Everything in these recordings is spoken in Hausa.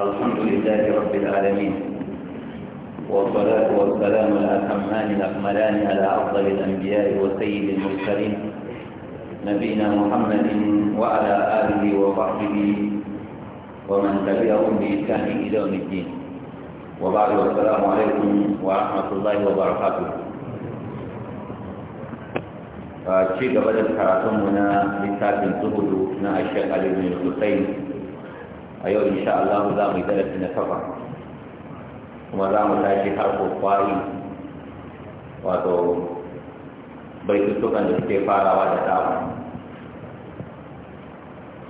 الحمد لله رب العالمين والصلاة والسلام الأتمان الأكملان على أفضل الأنبياء وسيد المرسلين نبينا محمد وعلى آله وصحبه ومن تبعهم بإحسان إلى يوم الدين وبعد السلام عليكم ورحمة الله وبركاته ci gaba da هنا na littafin zuhudu na ashe alibin hussein ayo insha Allah za mu yi darasi na saba kuma za mu tashi har ko kwari wato bai baitutukan da suke farawa da dama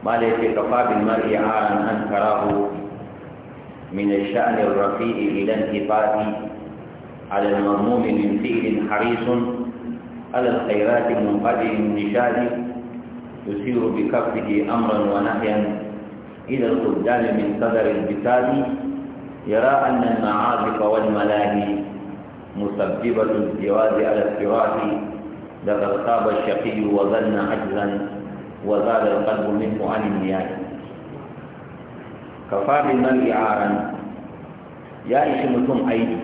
mala yake kafa bin mar'i aran an karahu min ash-sha'n ar-rafi'i ila intifati على المضموم من فعل حريص على الخيرات منقدر النشاد يسير بكفه أمرا ونهيا إلى الخرجان من صدر الكتاب يرى أن المعازف والملاهي مسببة الزواج على الصراط لقد خاب الشقي وظن عجزا وزال القلب منه عن النيات كفى بالمرء عارا يا إشمتم أيدي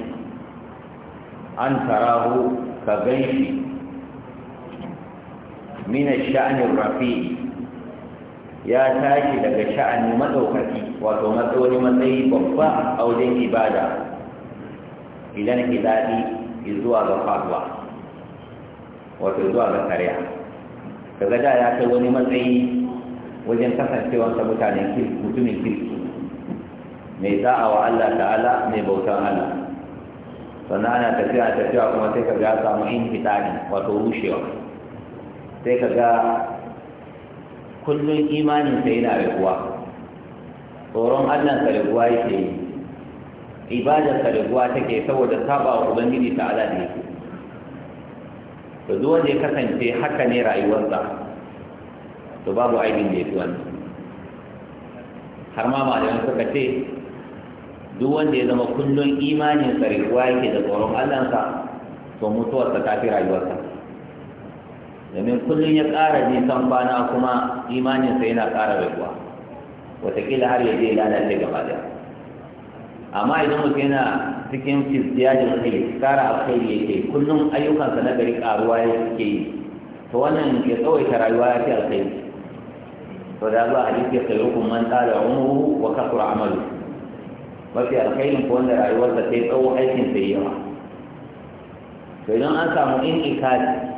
أن تراه كغيش من الشأن الرفيع ya tashi daga sha'ani matsaukaki wato matsayi matsayi babba a wajen ibada idan idadi zuwa ga faduwa wato zuwa ga tsariya daga da ya kai wani matsayi wajen ta mutane mutumin kirki mai za'awa wa Allah ta'ala mai bautan Allah sannan ana tafiya tafiya kuma sai ka ga samu in fitani wato rushewa sai ka ga kullum imaninsa yana raguwa tsoron allah raguwa yake yi ibadarsa raguwa take saboda saba wa ubangiji ta ala da yake to duk wanda ya kasance haka ne rayuwarsa to babu aibin da ya fi wannan har ma malaman suka ce duk wanda ya zama kullum imanin sa yake da tsoron allansa to mutuwarsa ta fi rayuwarsa domin kullum ya ƙara nisan kwana kuma imaninsa yana ƙara raguwa wataƙila har ya je lalace gaba da amma idan mutum yana cikin fizdiyajin kai ƙara alkhairi yake kullum ayyukansa na gari ƙaruwa ya suke yi to wannan ya tsawaita rayuwa ya fi alkhairi to da zuwa hadisi ya kai rukun man tsara umuru wa kasura amalu mafi alkhairin ko wanda rayuwarsa sai tsawo aikin sai yawa to idan an samu in ikali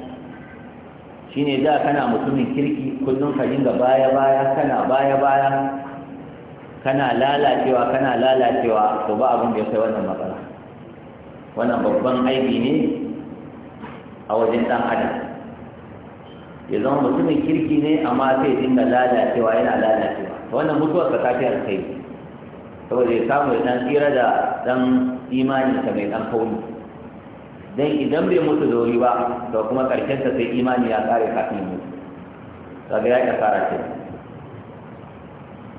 Shi ne da kana mutumin kirki kullum ka dinga baya baya kana baya baya kana lalacewa kana lalacewa to ba abin da ya kai wannan matsala wannan babban aibi ne a wajen dan adam ya zama mutumin kirki ne amma sai dinga lalacewa yana lalacewa to wannan mutuwar ka kafiyar kai saboda ya samu ya dan tsira da dan imani ka mai dan kauli dan idan bai mutu da wuri ba to kuma karshen sa sai imani ya kare kafin mutu kaga ya kasara ce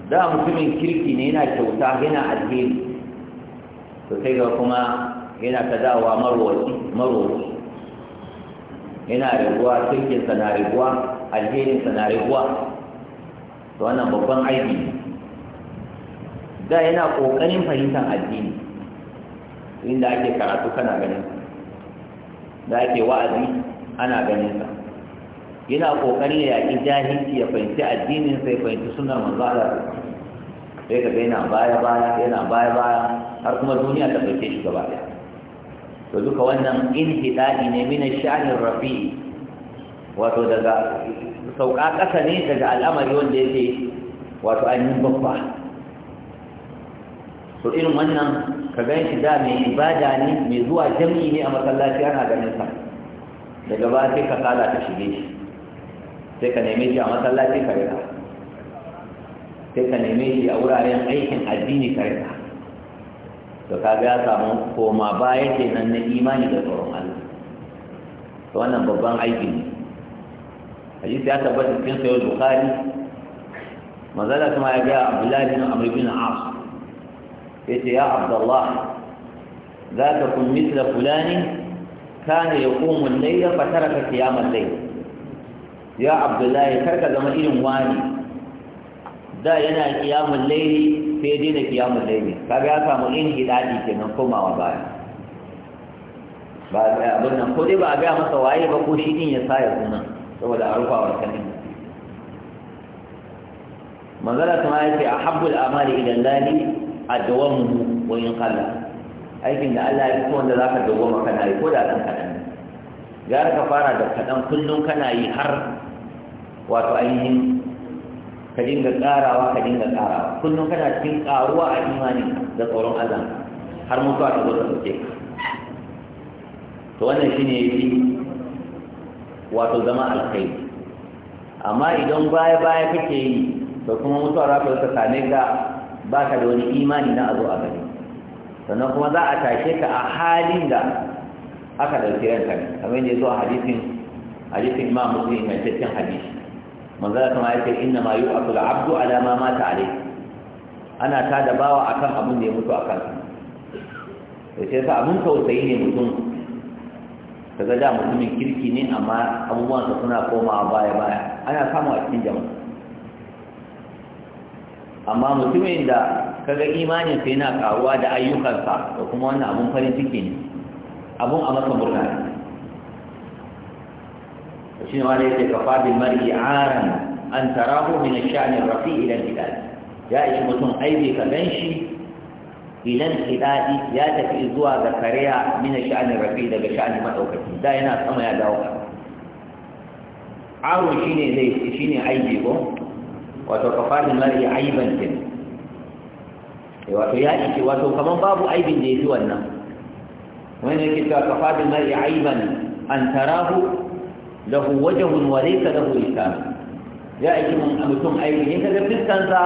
da mutumin kirki ne yana kyauta yana alheri to sai ga kuma yana kadawa marwaci marwaci yana raguwa kirkinsa na raguwa alherinsa na raguwa to wannan babban aiki ne da yana ƙoƙarin fahimtar addini inda ake karatu kana ganin da ake wa'azi ana ganin sa yana kokari ya yaki jahilci ya fahimci addinin sai fahimci suna manzo Allah sai ka ga yana baya baya yana baya baya har kuma duniya ta fahimce shi gaba ɗaya to duka wannan in inhidadi ne mina sha'anir rafi wato daga sauka ƙasa ne daga al'amari wanda yake wato ainihin babba to irin wannan ka gan shi da mai ibada ne mai zuwa jami'i ne a masallaci ana ganin sa daga ba sai ka sala ta shige shi sai ka neme shi a masallaci ka rika sai ka neme shi a wuraren aikin addini ka rika to ga ya samu koma baya kenan na imani da tsoron Allah to wannan babban aiki ne hadisi ya tabbata cikin sayo bukhari manzala kuma ya ga abdullahi bin amr bin as yace ya abdullah zaka kun mithla fulani kana yaqumu al-layla fa taraka qiyam al-layl ya abdullah zama irin wani da yana qiyamul layli sai dai da qiyamul layli kaga ya samu in hidadi kenan komawa baya ba ga abin nan ko dai ba a ga masa waye ba ko shi din ya sa ya sunan saboda a rufa kanin manzala ta ma ahabbul amali ila allahi adwamuhu wa in qalla aikin da Allah ya yi wanda ka dawoma kana yi ko da ɗan kaɗan. gara ka fara da kaɗan kullum kana yi har wato ainihin ka dinga karawa ka dinga karawa Kullum kana cikin karuwa a imani da tsoron Allah har mutuwa ta zo ta soke to wannan shine yafi wato zama alkai amma idan baya baya kake yi to kuma mutuwa za ta same ka ba ka da wani imani na abu a gani sannan kuma za a tashe ka a halin da aka ɗauki ranka ne kamar da ya zo a hadisin hadisin ma musulmi mai cikin hadisi ya kama ya ce inna ma yu'atu al-abdu ala ma mata alai ana ta da bawa akan abin da ya mutu a kansa da sai sa abin tausayi ne mutum kaga da mutumin kirki ne amma abubuwan sa suna komawa baya baya ana samu a cikin jama'a amma mutumin da kaga imanin sai yana karuwa da ayyukansa da kuma wannan abun farin ciki ne abun a masa murna ne shi ne wani yake kafa bin mar'i aran an tarahu min ash-sha'ni rafi ila al-kidal ya ishi mutum aibe ka ganshi ilan kidadi ya tafi zuwa ga kariya min ash-sha'ni rafi daga sha'ni madaukaki da yana sama ya dawo aro shine zai shine aibe ko wato kafarin mari aiban din eh, wato ya ce wato kaman babu aibin da yafi wannan wani yake cewa kafarin mari aiban an tarahu lahu wajhun wa laysa lahu lisan ya aiki mutum aiki in kaga fiskansa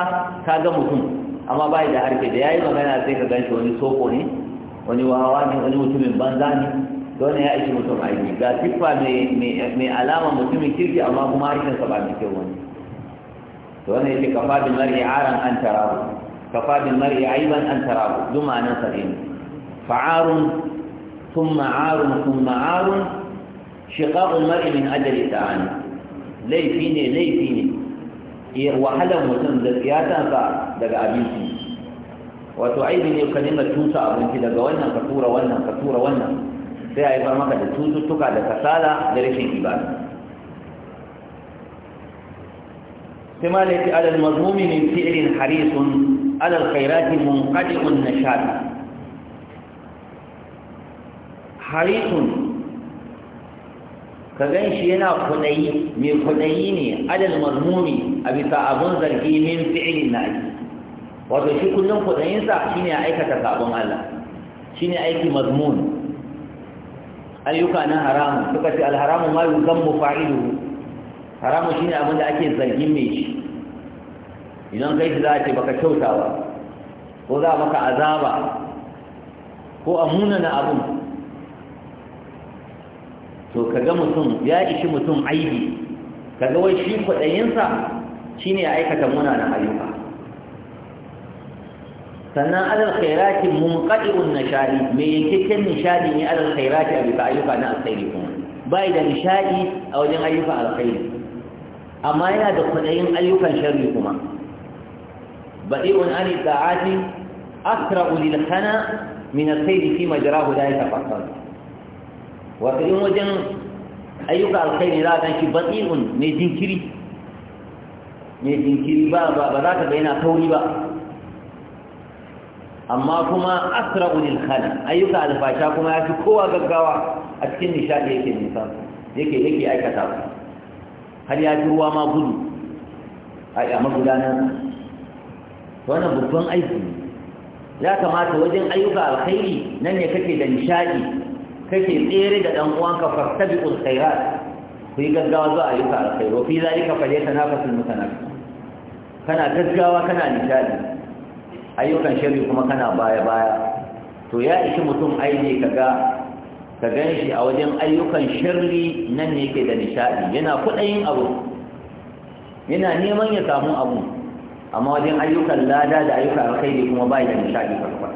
ga mutum amma bai da harfe da yayi magana sai ka ganshi wani soko ne wani wawa ne wani mutumin banza ne dole ya aiki mutum aiki ga siffa mai alama mutumin kirki amma kuma harkinsa ba mai kyau wani to wannan yake kafa bil mar'i aran an tarahu kafa bil mar'i aiban an tarahu duma nan sa'in fa'arun thumma arun thumma arun shiqaq al mar'i min ajli ta'ani laifi ne laifi ne wahalar mutum da tsiyatansa daga abinci wato aibi ne ka nima tusa abinci daga wannan ka tura wannan ka tura wannan sai a yi farmaka da cututtuka da kasala da rashin ibada كما ليس على المذموم من فعل حريص على الخيرات منقطع النشاط حريص ka gan yana kudayi mai kudayi ne adal mazmumi a bisa abun zargi min fi'ilin na aiki wato shi kullum kudayinsa shine ya aikata sabon Allah ne aiki mazmun ayyuka na haramu suka ce alharamu ma haramun shine abin da ake zargin mai shi idan kai shi za a ce baka kyautawa ko za a maka azaba ko a munana abin to kaga mutum ya ishi mutum aibi kaga wai shi kwaɗayinsa shine ya aikata munanan ayyuka sannan alal khairati munqadi'un nashadi me yankakken nishadi ne alal khairati abi ayyuka na alkhairi kuma bai da nishadi a wajen ayyuka alkhairi amma yana da kwaɗayin ayyukan sharri kuma badi'un ani da'ati asra'u lil khana min al-khayr fi guda ya yatafakkar wa in wajen ayyuka alkhairi za ka shi badi'un mai jinkiri mai jinkiri ba ba za ka ga yana tauri ba amma kuma asra'u lil khana ayyuka alfasha kuma ya fi kowa gaggawa a cikin nishadi yake nisan yake yake aikata har ya ji ruwa ma gudu a magudanar wannan babban aiki ya kamata wajen ayyuka alkhairi nan ne kake da nishadi kake tsere da dan uwanka fastabi alkhairat ku yi gaggawa zuwa ayyuka alkhairi fi zalika falyatanafasul mutanafisun kana gaggawa kana nishadi ayyukan shari kuma kana baya baya to ya ishi mutum ka kaga ka gan shi a wajen ayyukan shirri nan ne yake da nishaɗi yana kuɗayin abu yana neman ya samu abu amma wajen ayyukan lada da ayyukan alkhairi kuma bai da nishaɗi farko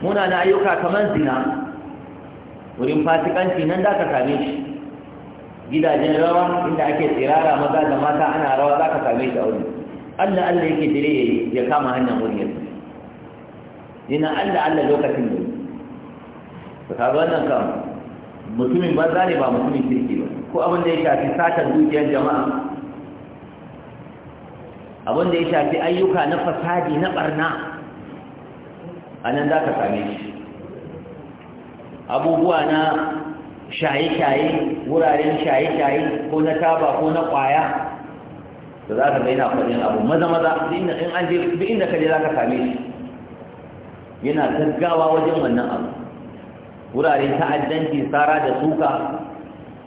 muna na ayyuka kamar zina wurin fasikanci nan za ka same shi gidajen rawa inda ake tsirara maza da mata ana rawa za ka same shi a wuri allah allah yake dire ya kama hanyar wuri ya yana allah allah lokacin da kaga wannan kam mutumin banza ne ba mutumin kirki ba ko abin da ya shafi satar dukiyar jama'a abin da ya shafi ayyuka na fasadi na barna a nan za ka same shi abubuwa na shaye-shaye wuraren shaye-shaye ko na taba ko na kwaya da za ka ga yana faɗin abu maza-maza in an je duk inda ka je za ka same shi yana gaggawa wajen wannan abu Wurare ta'addanci tsara da suka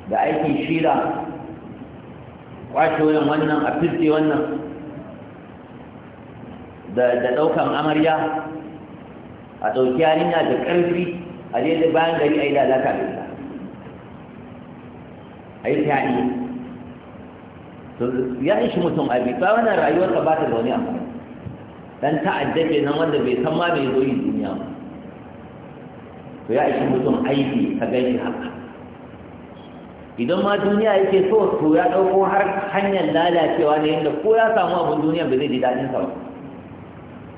da aikin shira kwashe wannan a firce wannan da ɗaukan amarya a ɗauki yarinya da ƙarfi a je bayan gari a yi lalata da ita a yi fyaɗe ya ishi mutum abi ta wannan rayuwar ka ba ta da wani amfani dan ta'adda nan wanda bai san ma bai zo yi duniya ba to ya ishi mutum aiki ka gaishe haka idan ma duniya yake so to ya ɗauko har hanyar lalacewa ne yadda ko ya samu abin duniya ba zai ji daɗin sa ba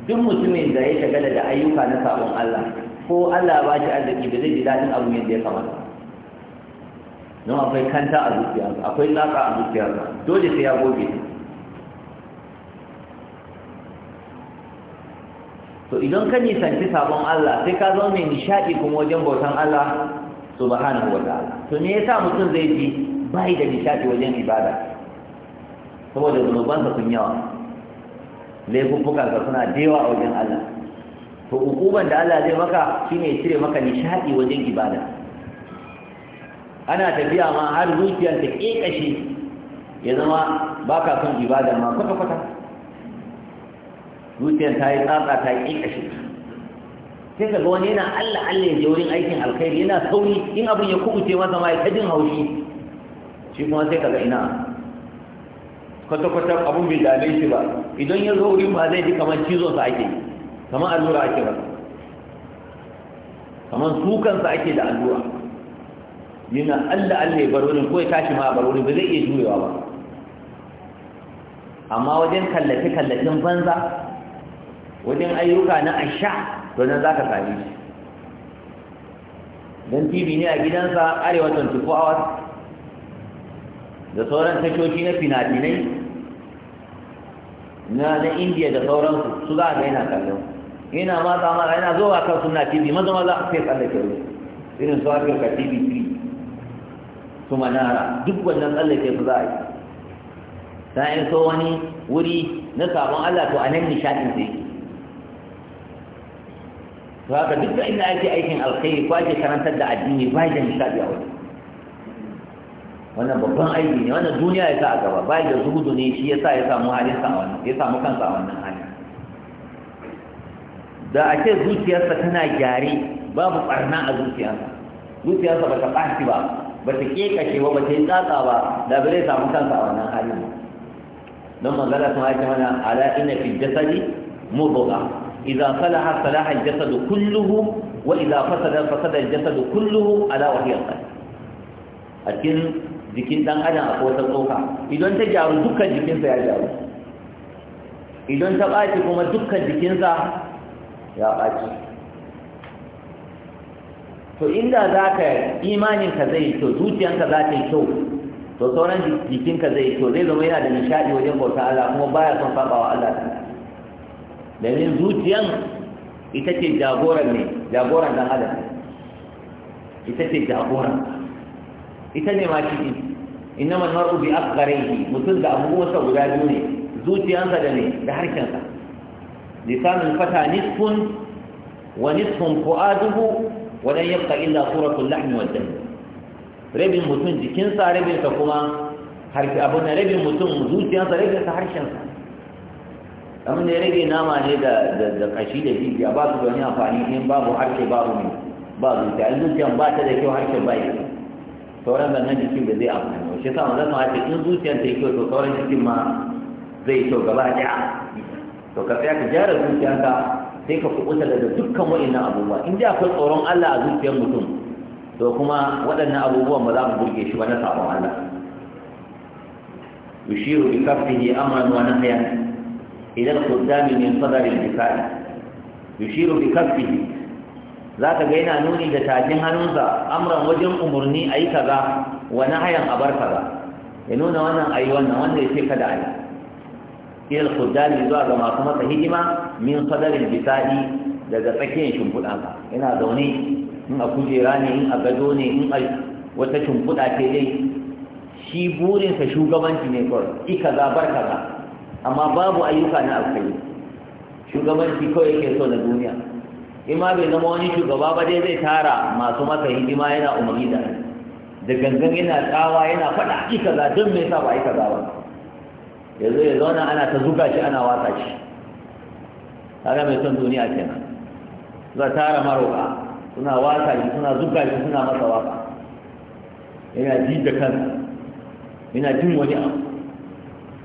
duk mutumin da ya shagala da ayyuka na sabon Allah ko Allah ba shi arziki ba zai ji daɗin abin yadda ya kamata don akwai kanta a zuciyarsa akwai tsaka a zuciyarsa dole sai ya goge ta to idan ka nisanci sabon Allah sai ka zo mai nishaɗi kuma wajen bautan Allah subhanahu wa ta'ala to me yasa mutum zai ji bai da nishaɗi wajen ibada saboda zunubansa sun yawa laifuffukansa suna da yawa a wajen Allah to hukuman da Allah zai maka shine cire maka nishaɗi wajen ibada ana tafiya ma har zuciyar ta kekashi ya zama baka son ibada ma kwata kwata zuciyar ta yi tsatsa ta yi ƙashi sai ka ga wani yana Allah Allah ya je wurin aikin alkhairi yana sauri in abin ya kubuce masa ma ya ta jin haushi shi kuma sai ka ga ina kwata-kwata abun bai dame shi ba idan ya zo wurin ba zai ji kamar cizon sa ake kamar allura ake ba kamar sukansa ake da allura yana Allah Allah ya bar wurin ko ya tashi ma a bar wurin ba zai iya jurewa ba amma wajen kallace-kallacen banza wajen ayyuka na asha to nan za ka sami shi don tv ne a gidansa arewa 24 hours da sauran tashoshi na finafinai na indiya da sauransu su za a ga yana kallon yana matsa mara yana zo a kan suna tv maza maza a sai ke ruwa irin su afirka tv 3 su manara duk wannan tsallake su za a yi ta so wani wuri na sabon allah to a nan zai sai to haka duk da inda ake aikin alkhairi ko ake karantar da addini ba da nishaɗi a wani. wannan babban aiki ne wannan duniya ya sa a gaba bayan da zuhudu ne shi ya sa ya samu halin sa wannan ya samu kansa a wannan hali da a ce zuciyarsa tana gyare babu ɓarna a zuciyarsa zuciyarsa ba ta ɓaci ba ba ta kekashe ba ba ta yi tsatsa ba da ba zai samu kansa a wannan hali ba. don manzala sun haifi mana ala inna fi jasadi mudghah إذا صلح صلاح الجسد كله وإذا فسد فسد الجسد كله على وهي القلب أكن jikin ɗan adam a kowace tsoka idan ta gyaru dukkan jikinsa ya gyaru idan ta ɓaci kuma dukkan jikinsa ya ɓaci to inda za ka imaninka zai yi kyau zuciyanka za ta yi kyau to sauran jikinka zai yi kyau zai zama yana da nishaɗi wajen bauta Allah kuma baya son faɓa wa Allah ta. domin zuciyan ita ce jagoran ne jagoran dan adam ita ce jagoran ita ne ma ciki innama mar'u bi aqrarihi mutum da abubuwansa guda biyu ne zuciyansa da ne da harkensa lisanul fata nisfun wa nisfun fu'aduhu wa lan yabqa illa suratul lahmi wad dam rabin mutum jikinsa rabin sa kuma harfi abun rabin mutum zuciyansa rabin sa harkensa abin da ya rage nama ne da kashi da jijiya ba su da wani amfani in babu harke babu ne ba zuciya in zuciyan ba ta da kyau harke ba yi sauran da nan jikin da zai amfani wa shi sa wanzan ma ce in zuciyan ta yi kyau to sauran jikin ma zai kyau gaba daya to ka tsaya ka gyara zuciyan ka sai ka kuɓuta daga dukkan wa'innan abubuwa in dai akwai tsoron Allah a zuciyan mutum to kuma waɗannan abubuwan ba za mu burge shi ba na sabon Allah yushiru bi kaffihi amran wa nahyan إلى القدام من صدر الدفاع يشير بكفه ذاك جينا نوني دتاجين هنوزا أمرا وجن أمرني أي كذا ونهيا أبر كذا ينونا وانا أي وانا وانا يشير كذا إلى القدام يزوى لما كمت هجمة من صدر الدفاع daga tsakiyar shimfiɗa ka ina zaune in a kujera ne in a gado ne in a wata shimfiɗa ce dai shi burinsa shugabanci ne kawai ika za bar kaza amma babu ayyuka na alkhairi shugabanci kawai ke so na duniya in ma bai zama wani shugaba ba dai zai tara masu masa hidima yana umarni da da gangan yana tsawa yana faɗa aiki kaza don me yasa ba a kaza ba yanzu ya zauna ana ta zuga shi ana watsa shi kaga mai son duniya kenan za tara maroka suna watsa shi suna zuga shi suna masa waka yana ji da kansa yana jin wani abu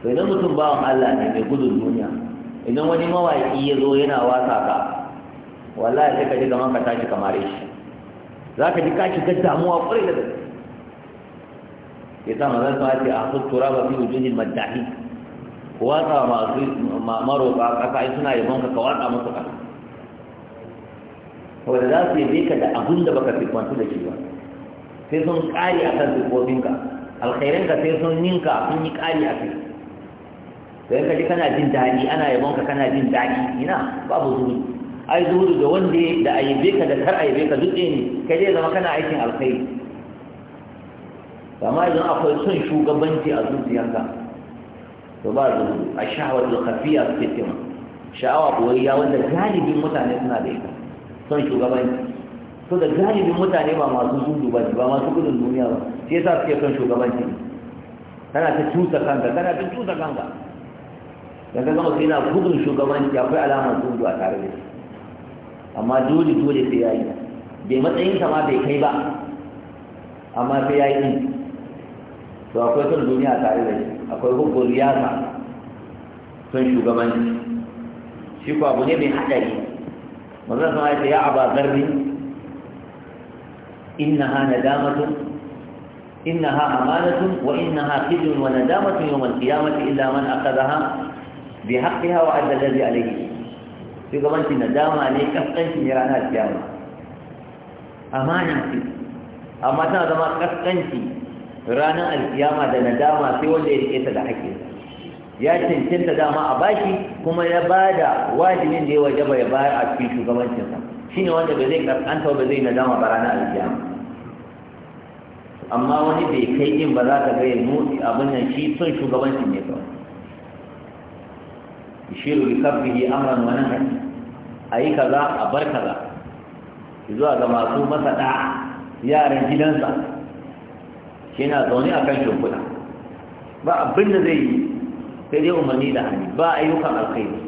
to idan mutum bawan Allah ne mai gudun duniya idan wani mawaƙi ya zo yana wasa ka wallahi sai ka ji kamar ka tashi kamar shi za ka ji ka shiga damuwa ƙwarai da gaske ya sa manzon sa ce a tuttura ba fi wujuhin maddahi ku wasa masu maroƙa ƙasa in suna yabon ka ka wasa musu ƙasa wanda za su yabe ka da abun da baka fi kwanci da shi ba sai sun ƙari a kan sifofinka alkhairanka sai sun ninka sun yi ƙari a kai sai ka ji kana jin daɗi ana yabon ka kana jin daɗi ina babu zuhudu ai zuhudu da wanda da ayyabe ka da kar ayyabe ka duk ne kai dai zama kana aikin alkhairi amma idan akwai son shugabanci a zuciyarka to ba zuhudu a da kafiya suke cewa sha'awa koyayya wanda galibin mutane suna da ita son shugabanci to da galibin mutane ba masu zuhudu ba ba masu gudun duniya ba sai yasa suke son shugabanci kana ta cusa kanka kana ta cusa kanka da ka gama sai na gudun shugabanci akwai alamar gudu a tare da shi amma dole dole sai ya yi bai matsayin ma bai kai ba amma sai ya yi to akwai son duniya tare da shi akwai hukun riyasa son shugabanci shi ko abu ne mai haɗari manzon sama ya ce ya aba zarri innaha nadamatun innaha amanatun wa innaha qidun wa nadamatun yawm al-qiyamati illa man aqadaha bi haqqiha wa adda alladhi alayhi shugabanci nadama ne kaskanci ne ranar kiyama amana ce amma tana zama kaskanci ranar alkiyama da nadama sai wanda ya rike ta da haƙƙi ya cancanta dama a baki kuma ya ba da wajibin da ya wajaba ya bayar a cikin shugabancinsa shine wanda ba zai kaskanta ba zai nadama ba ranar alkiyama amma wani bai kai yin ba za ka ga ya abin nan shi son shugabancin ne kawai yashiru li kafihi amran wa nahyi ayi kaza a bar kaza zuwa ga masu masa da yaran gidansa shi na zaune a kan shimfiɗa ba abin da zai yi sai dai umarni da hannu ba ayyukan alkhairi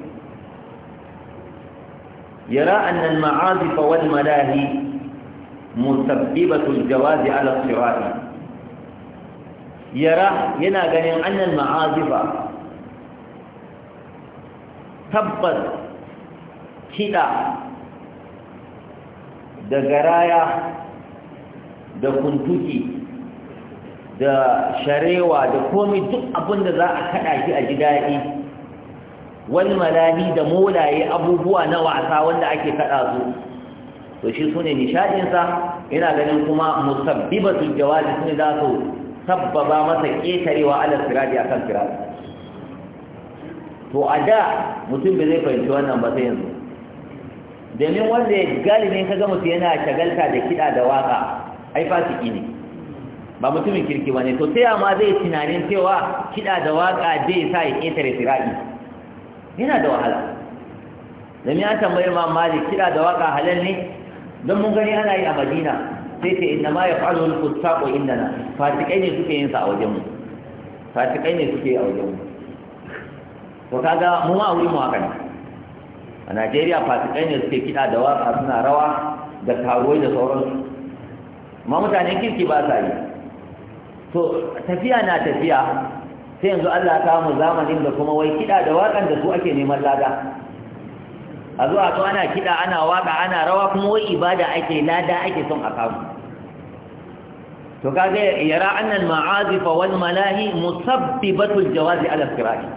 yara annan ma'azifa wal madahi musabbibatul jawazi ala sirati yara yana ganin annan ma'azifa tabbas kiɗa da garaya da kuntuki da sharewa da komai duk abinda za a kaɗa shi a ji daɗi wani malami da molaye abubuwa na wasa wanda ake kaɗa su to shi su ne nishaɗinsa ina ganin kuma mu sabbiba su ne za su sabbaba masa ƙetarewa ala a kan sirati to a da mutum bai zai fahimci wannan ba sai yanzu domin wanda galibi ka ga mutum yana shagalta da kiɗa da waƙa ai fasiki ne ba mutumin kirki ba ne to sai ma zai tunanin cewa kiɗa da waƙa zai sa ya ƙetare sira'i yana da wahala domin an tambayi ma malik kiɗa da waƙa halal ne don mun gani ana yi a madina sai ce inna ma ya ko inda na. fasikai ne suke yin sa a wajenmu fasikai ne suke a wajenmu to kaga mu ma wuri mu haka ne a Najeriya fasikai ne suke kiɗa da waka suna rawa da taroi da sauransu ma mutane kirki ba sa yi to tafiya na tafiya sai yanzu Allah ta mu zamanin da kuma wai kiɗa da waƙan da su ake neman lada a zuwa to ana kiɗa ana waƙa ana rawa kuma wai ibada ake lada ake son a kawo to kaga yara annal ma'azifa wal malahi musabbibatul jawazi ala firaqi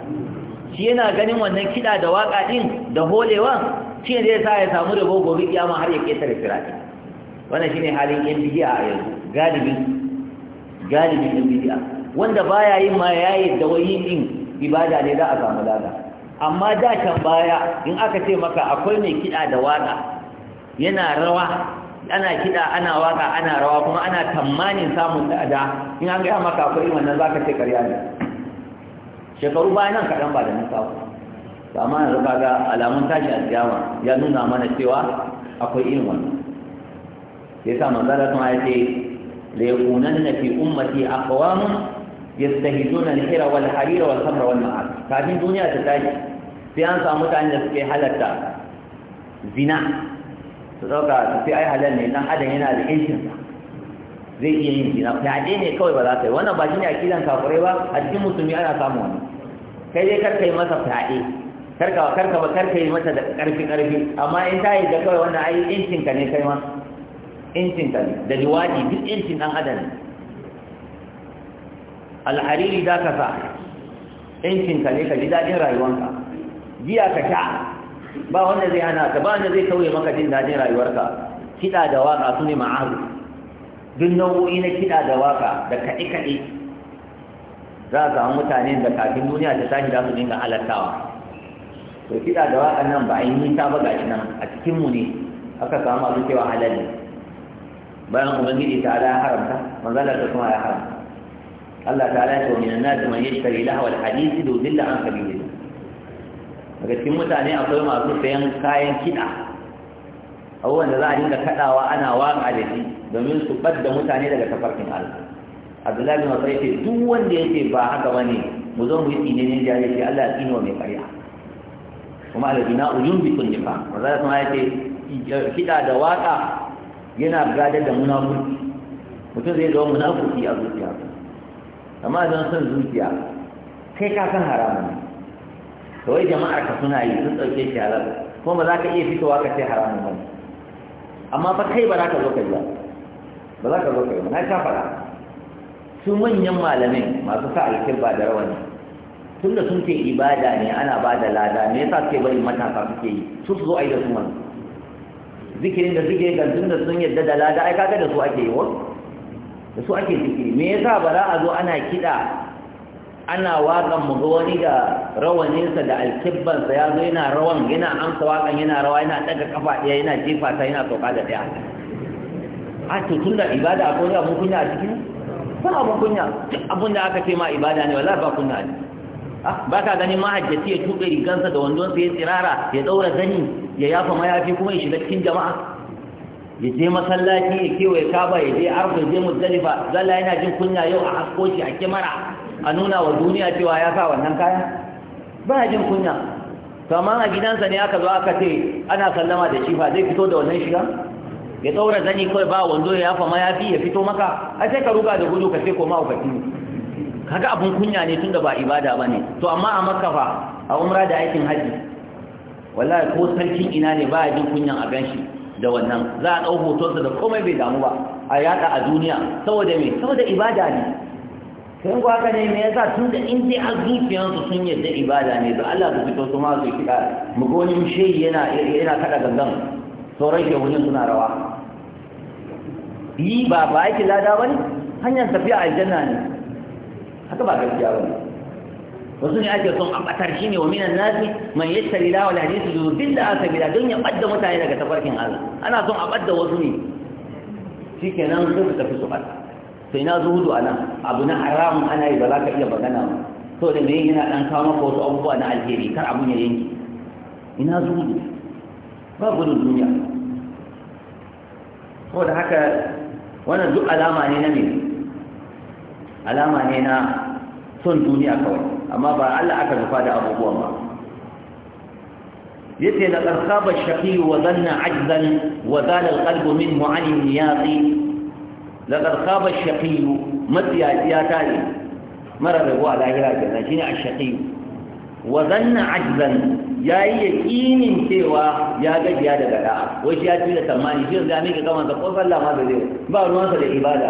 shi yana ganin wannan kiɗa da waƙa ɗin da holewa shi zai sa ya samu da rabo gobe kiyama har ya ƙetare firati wannan shine halin yan bidiya a yanzu galibi. Galibi yan bidiya wanda baya yin ma ya yi dawayi din ibada ne za a samu lada amma da can baya in aka ce maka akwai mai kiɗa da waƙa yana rawa ana kiɗa ana waƙa ana rawa kuma ana tamanin samun da'ada in an gaya maka akwai wannan zaka ce karya ne shekaru bayan nan kaɗan ba da nisa ba amma yanzu kaga alamun tashi a alkiyama ya nuna mana cewa akwai irin wannan sai sa manzara sun ya ce la na fi ummati aqwamun yastahiduna al-hira wal harira wal khamra wal ma'ad kafin duniya ta tashi sai an samu mutane da suke halatta zina su dauka sai ai halal ne dan adam yana da yancin zai iya yin zina fyaɗe ne kawai ba za ta yi wannan ba shi ne a kilan kafirai ba a cikin musulmi ana samun wani kai dai karka yi masa fyaɗe karka wa karka ba karka yi masa da ƙarfi ƙarfi amma in ta yi da kawai wannan ai incin ka ne kai ma incin ka ne da jiwaji duk incin ɗan adam alhariri za ka sa incin ka ne ka ji daɗin rayuwanka giya ka sha ba wanda zai hana ka ba wanda zai sauye maka jin daɗin rayuwarka kiɗa da waƙa su ne ma'azu duk nau'o'i na kiɗa da waƙa da kaɗe-kaɗe za a samu mutane da kafin duniya ta tashi za su dinga halartawa to kiɗa da waƙa nan ba a yi nisa ba ga nan a cikinmu ne aka samu masu cewa halal ne bayan ubangiji ta ala ya haramta manzala ta kuma ya haramta Allah ta ala ya ce wa minan nasi yadda yashtari lahawar hadisi do da an sabilillah daga cikin mutane akwai masu sayan kayan kiɗa abubuwan da za a dinga kaɗawa ana waƙa da shi domin su ɓadda mutane daga tafarkin Allah abdullahi bin masai ce duk wanda ya ce ba haka ba ne mu zo mu yi tsine ne jari ce allah ya tsine wa mai karya kuma alabina ujun bi kun jifa maza sama ya ce kiɗa da waƙa yana gadar da munafurci mutum zai zama munafurci a zuciya amma don son zuciya kai ka san haramun ne kawai jama'ar ka suna yi sun ɗauke shi halal kuma ba za ka iya fitowa ka ce haramun ba amma fa kai ba za ka zo ka yi ba ba za ka zo ka yi ba na ka faɗa su manyan malamin masu sa alkirba da rawani tun da sun ce ibada ne ana ba da lada me yasa suke bari matasa suke yi su su zo yi da su mana zikirin da suke ga tun da sun yadda da lada ai kaga da su ake yi wani da su ake zikiri me yasa ba za a zo ana kiɗa ana waƙan mu ga wani da rawaninsa da alkibbansa ya zo yana rawan yana amsa waƙan yana rawa yana ɗaga kafa ɗaya yana jefa ta yana sauka da ɗaya a to tun da ibada akwai abin kunya a cikin ba abun kunya duk abun da aka ce ma ibada ne wallahi ba kunya ne ah, ba ka ganin mahajjaci ya tuɓe rigansa da sai ya tsirara ya ɗaura zani ya yafa mayafi kuma ya shiga cikin jama'a ya je masallaci ya kewaye kaba ya je arfa ya je muzdalifa zalla yana jin kunya yau a hasko shi a kimara a nuna wa duniya cewa ya sa wannan kaya ba jin kunya to amma a gidansa ne aka zo aka ce ana sallama da shi fa zai fito da wannan shiga ya tsaura zani kawai ba wando ya yafa mayafi ya fito maka a sai ka ruga da gudu ka sai ko ma'aukaci ne kaga abun kunya ne tunda ba ibada ba ne to amma a maka fa a umra da aikin haji wallahi ko sarkin ina ne ba a jin kunyan a gan shi. da wannan za a ɗau hotonsa da komai bai damu ba a yaɗa a duniya saboda me saboda ibada ne sai ku haka ne me yasa tun da in sai a zuciyarsu sun yadda ibada ne da Allah su fito su ma su kiɗa mu ga shehi yana kaɗa gangan ke shehunin suna rawa yi ba ba yake lada ba ne hanyar tafiya aljanna ne haka ba gaskiya ba ne wasu ne ake son a shi ne wa minan nasi man yashtari lawa bin da aka gida, don ya ɓadda mutane daga tafarkin Allah ana son a ɓadda wasu ne ke nan su tafi su ɓata. sai na zuhudu ana abu na haramun ana yi ba za ka iya magana ba saboda da me yana ɗan kawo maka wasu abubuwa na alheri kar abun ya yanki ina zuhudu ba gudun duniya da haka wannan duk alama ne na me alama ne na son duniya kawai amma ba Allah aka nufa da abubuwan ba yace da qarqaba shaqi wa dhanna ajzan wa dala alqalbu minhu an niyaqi la qarqaba shaqi matiya ya tare mara rabuwa lahira kenan shine ashaqi wa zanna ajzan yayi yaqinin cewa ya gajiya daga da'a wai shi ya ci da tsammani shi yanzu ya miƙe sa ko sallah ma da zai ba ruwan sa da ibada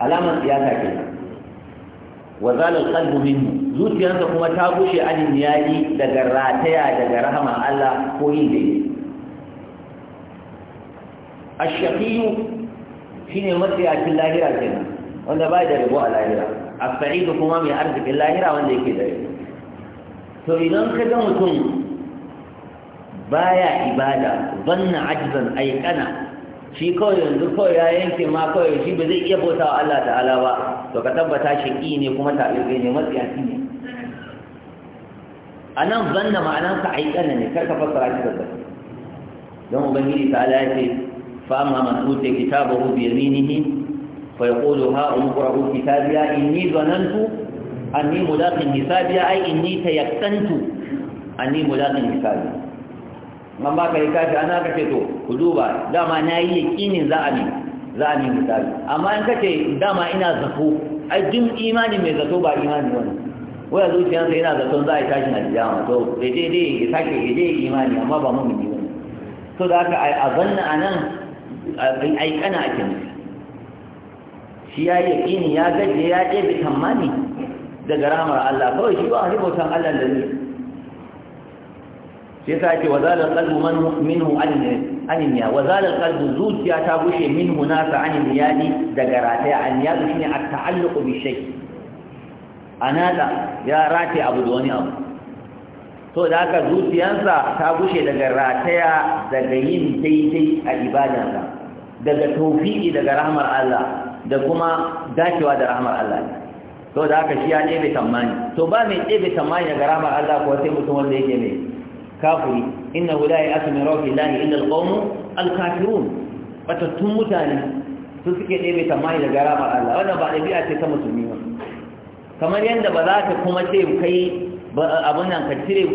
alamar siyasa ke wa zala alqalbu zuciyarsa kuma ta gushe an yayi daga rataya daga rahama Allah ko yin dai ash-shaqiyyu shine matsayacin lahira kenan wanda ba da a lahira as-sa'idu kuma mai arzikin lahira wanda yake da to idan ka ga mutum baya ibada banna ajizan aikana shi kawai yanzu kawai ya yanke ma kawai shi ba zai iya bautawa wa Allah ta'ala ba to ka tabbata shi ne kuma tabirai ne matsiyasi ne a nan zanna ma'anansa aikana ne ka fassara shi da don ubangiji ta ala ya ce fama masu wuce kitabahu bi yaminihi fa yaqulu ha umqra'u kitabiya inni zanantu anni mulaqin hisabiya ai inni tayaqantu anni mulaqin hisabi man kai kace ana kace to ku duba dama nayi yakinin za a ne za a ne hisabi amma in kace dama ina zato ai duk imani mai zato ba imani wani. waya zuciyarsa yana zato za a yi tashin aljiyama to dai dai dai ya sake ya dai imani amma ba mumini wani. to da haka a zanna anan kana ake nufi shi ya yi yakini ya gaje ya ɗebe tamani daga ramar Allah kawai shi ba a ribotan Allah da ne sai ta ce wazalar kalbu minhu aniniya wazalar kalbu zuciya ta gushe minhu nasa aniniya ne daga rataya aniniya su shi ne a ta'alluku bishai a nata ya rataye abu da wani abu to da haka zuciyansa ta gushe daga rataya daga yin daidai a ibadansa daga taufi'i daga rahmar Allah da kuma dacewa da rahmar Allah ne to da aka shi ya ɗebe tamani to ba mai ɗebe tamani daga rama Allah ko sai mutum wanda yake mai kafiri inna la ya'tu min rabbillahi illa alqawmu alkafirun batattun mutane su suke ɗebe tamani daga rama Allah wannan ba ɗabi'a ce ta musulmi ba kamar yadda ba za ka kuma ce kai abin nan ka cire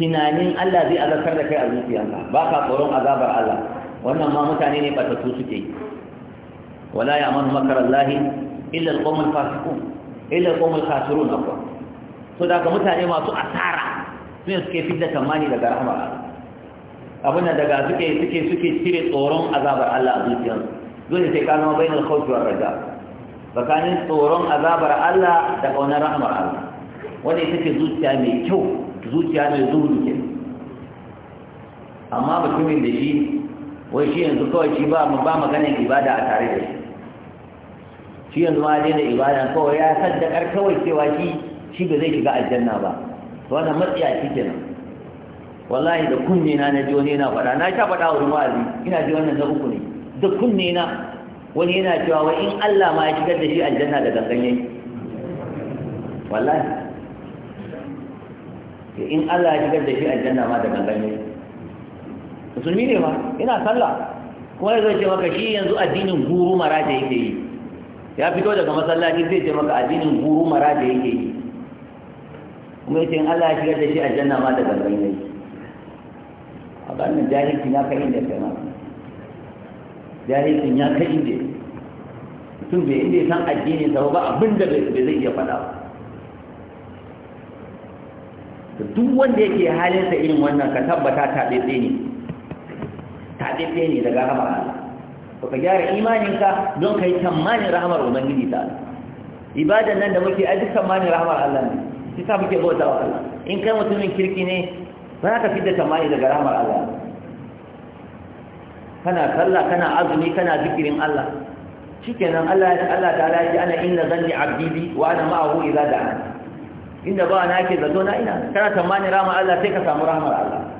tunanin Allah zai azabtar da kai a zuciyarka ba ka tsoron azabar Allah wannan ma mutane ne batattu suke wala ya'manu makarallahi illa alqawmu alfasiqun illa qawmul khasirun akwa to daga ka mutane masu asara sai suke da tamani daga rahmar Allah abinda daga suke suke suke cire tsoron azabar Allah a zuciyar dole sai ka zama bainal khawfi war raja Bakanin tsoron azabar Allah da kaunar rahmar Allah wanda ita zuciya mai kyau zuciya mai zuhudu ke amma mutumin da shi wai shi yanzu kawai shi ba ba maganar ibada a tare da shi shi yanzu ma daina ibada kawai ya saddakar kawai cewa shi shi ba zai shiga aljanna ba wannan matsiya shi kenan wallahi da kunne na na ji wani yana faɗa na sha faɗa wa wa'azi ina ji wannan na uku ne da kunne na wani yana cewa wai in Allah ma ya shigar da shi aljanna da gangan yayi wallahi in Allah ya shigar da shi aljanna ma da gangan yayi musulmi ne ma ina sallah kuma ya zai ce maka shi yanzu addinin guru mara da yake yi ya fito daga masallaci zai ce maka addinin guru mara da yake yi kuma yace in Allah ya shigar da shi aljanna ma da gangan yayi a ganin jahilci na kai inda kai ma jahilcin ya kai inda Tun bai inda san addinin sa ba abin da bai zai iya faɗa ba duk wanda yake halinsa irin wannan ka tabbata ta ɗaiɗe ne ta ɗaiɗe ne daga hama Allah to ka gyara imaninka don ka yi tamanin rahamar ubangiji ta ibadan nan da muke a duk tamanin rahamar Allah ne shi sa muke bauta wa Allah in kai mutumin kirki ne ba za ka fidda tamani daga rahamar Allah kana sallah kana azumi kana zikirin Allah shikenan Allah ya Allah ta'ala ya ana inna zanni abdi bi wa ana ma'ahu idza da'a inda ba na ke zato na ina kana tamani rahamar Allah sai ka samu rahamar Allah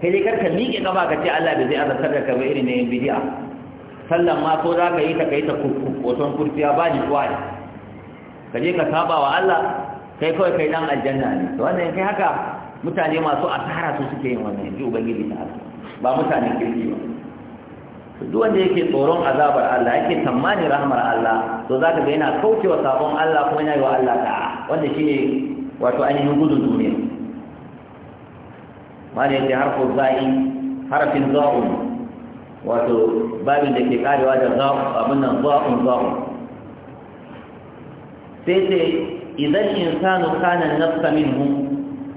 sai dai karka miƙe gaba ka ce Allah bai zai azartar da kaba irin na yin bidiya sallan ma ko za ka yi ta kai ta hoton kurfiya ba ni kuwa ka je ka saba wa Allah kai kawai kai dan aljanna ne to wannan kai haka mutane masu asara su suke yin wannan yanzu ubangiji ta haka ba mutane kirki ba duk wanda yake tsoron azabar Allah yake tsammani rahmar Allah to za ka ga yana kaucewa sabon Allah kuma yana yi wa Allah ta'a wanda shine wato ainihin gudun duniya ma ne yake harfin za'i harfin za'un wato babin da ke karewa da za'un abin nan za'un za'un sai ce idan insanu kana nafsa minhu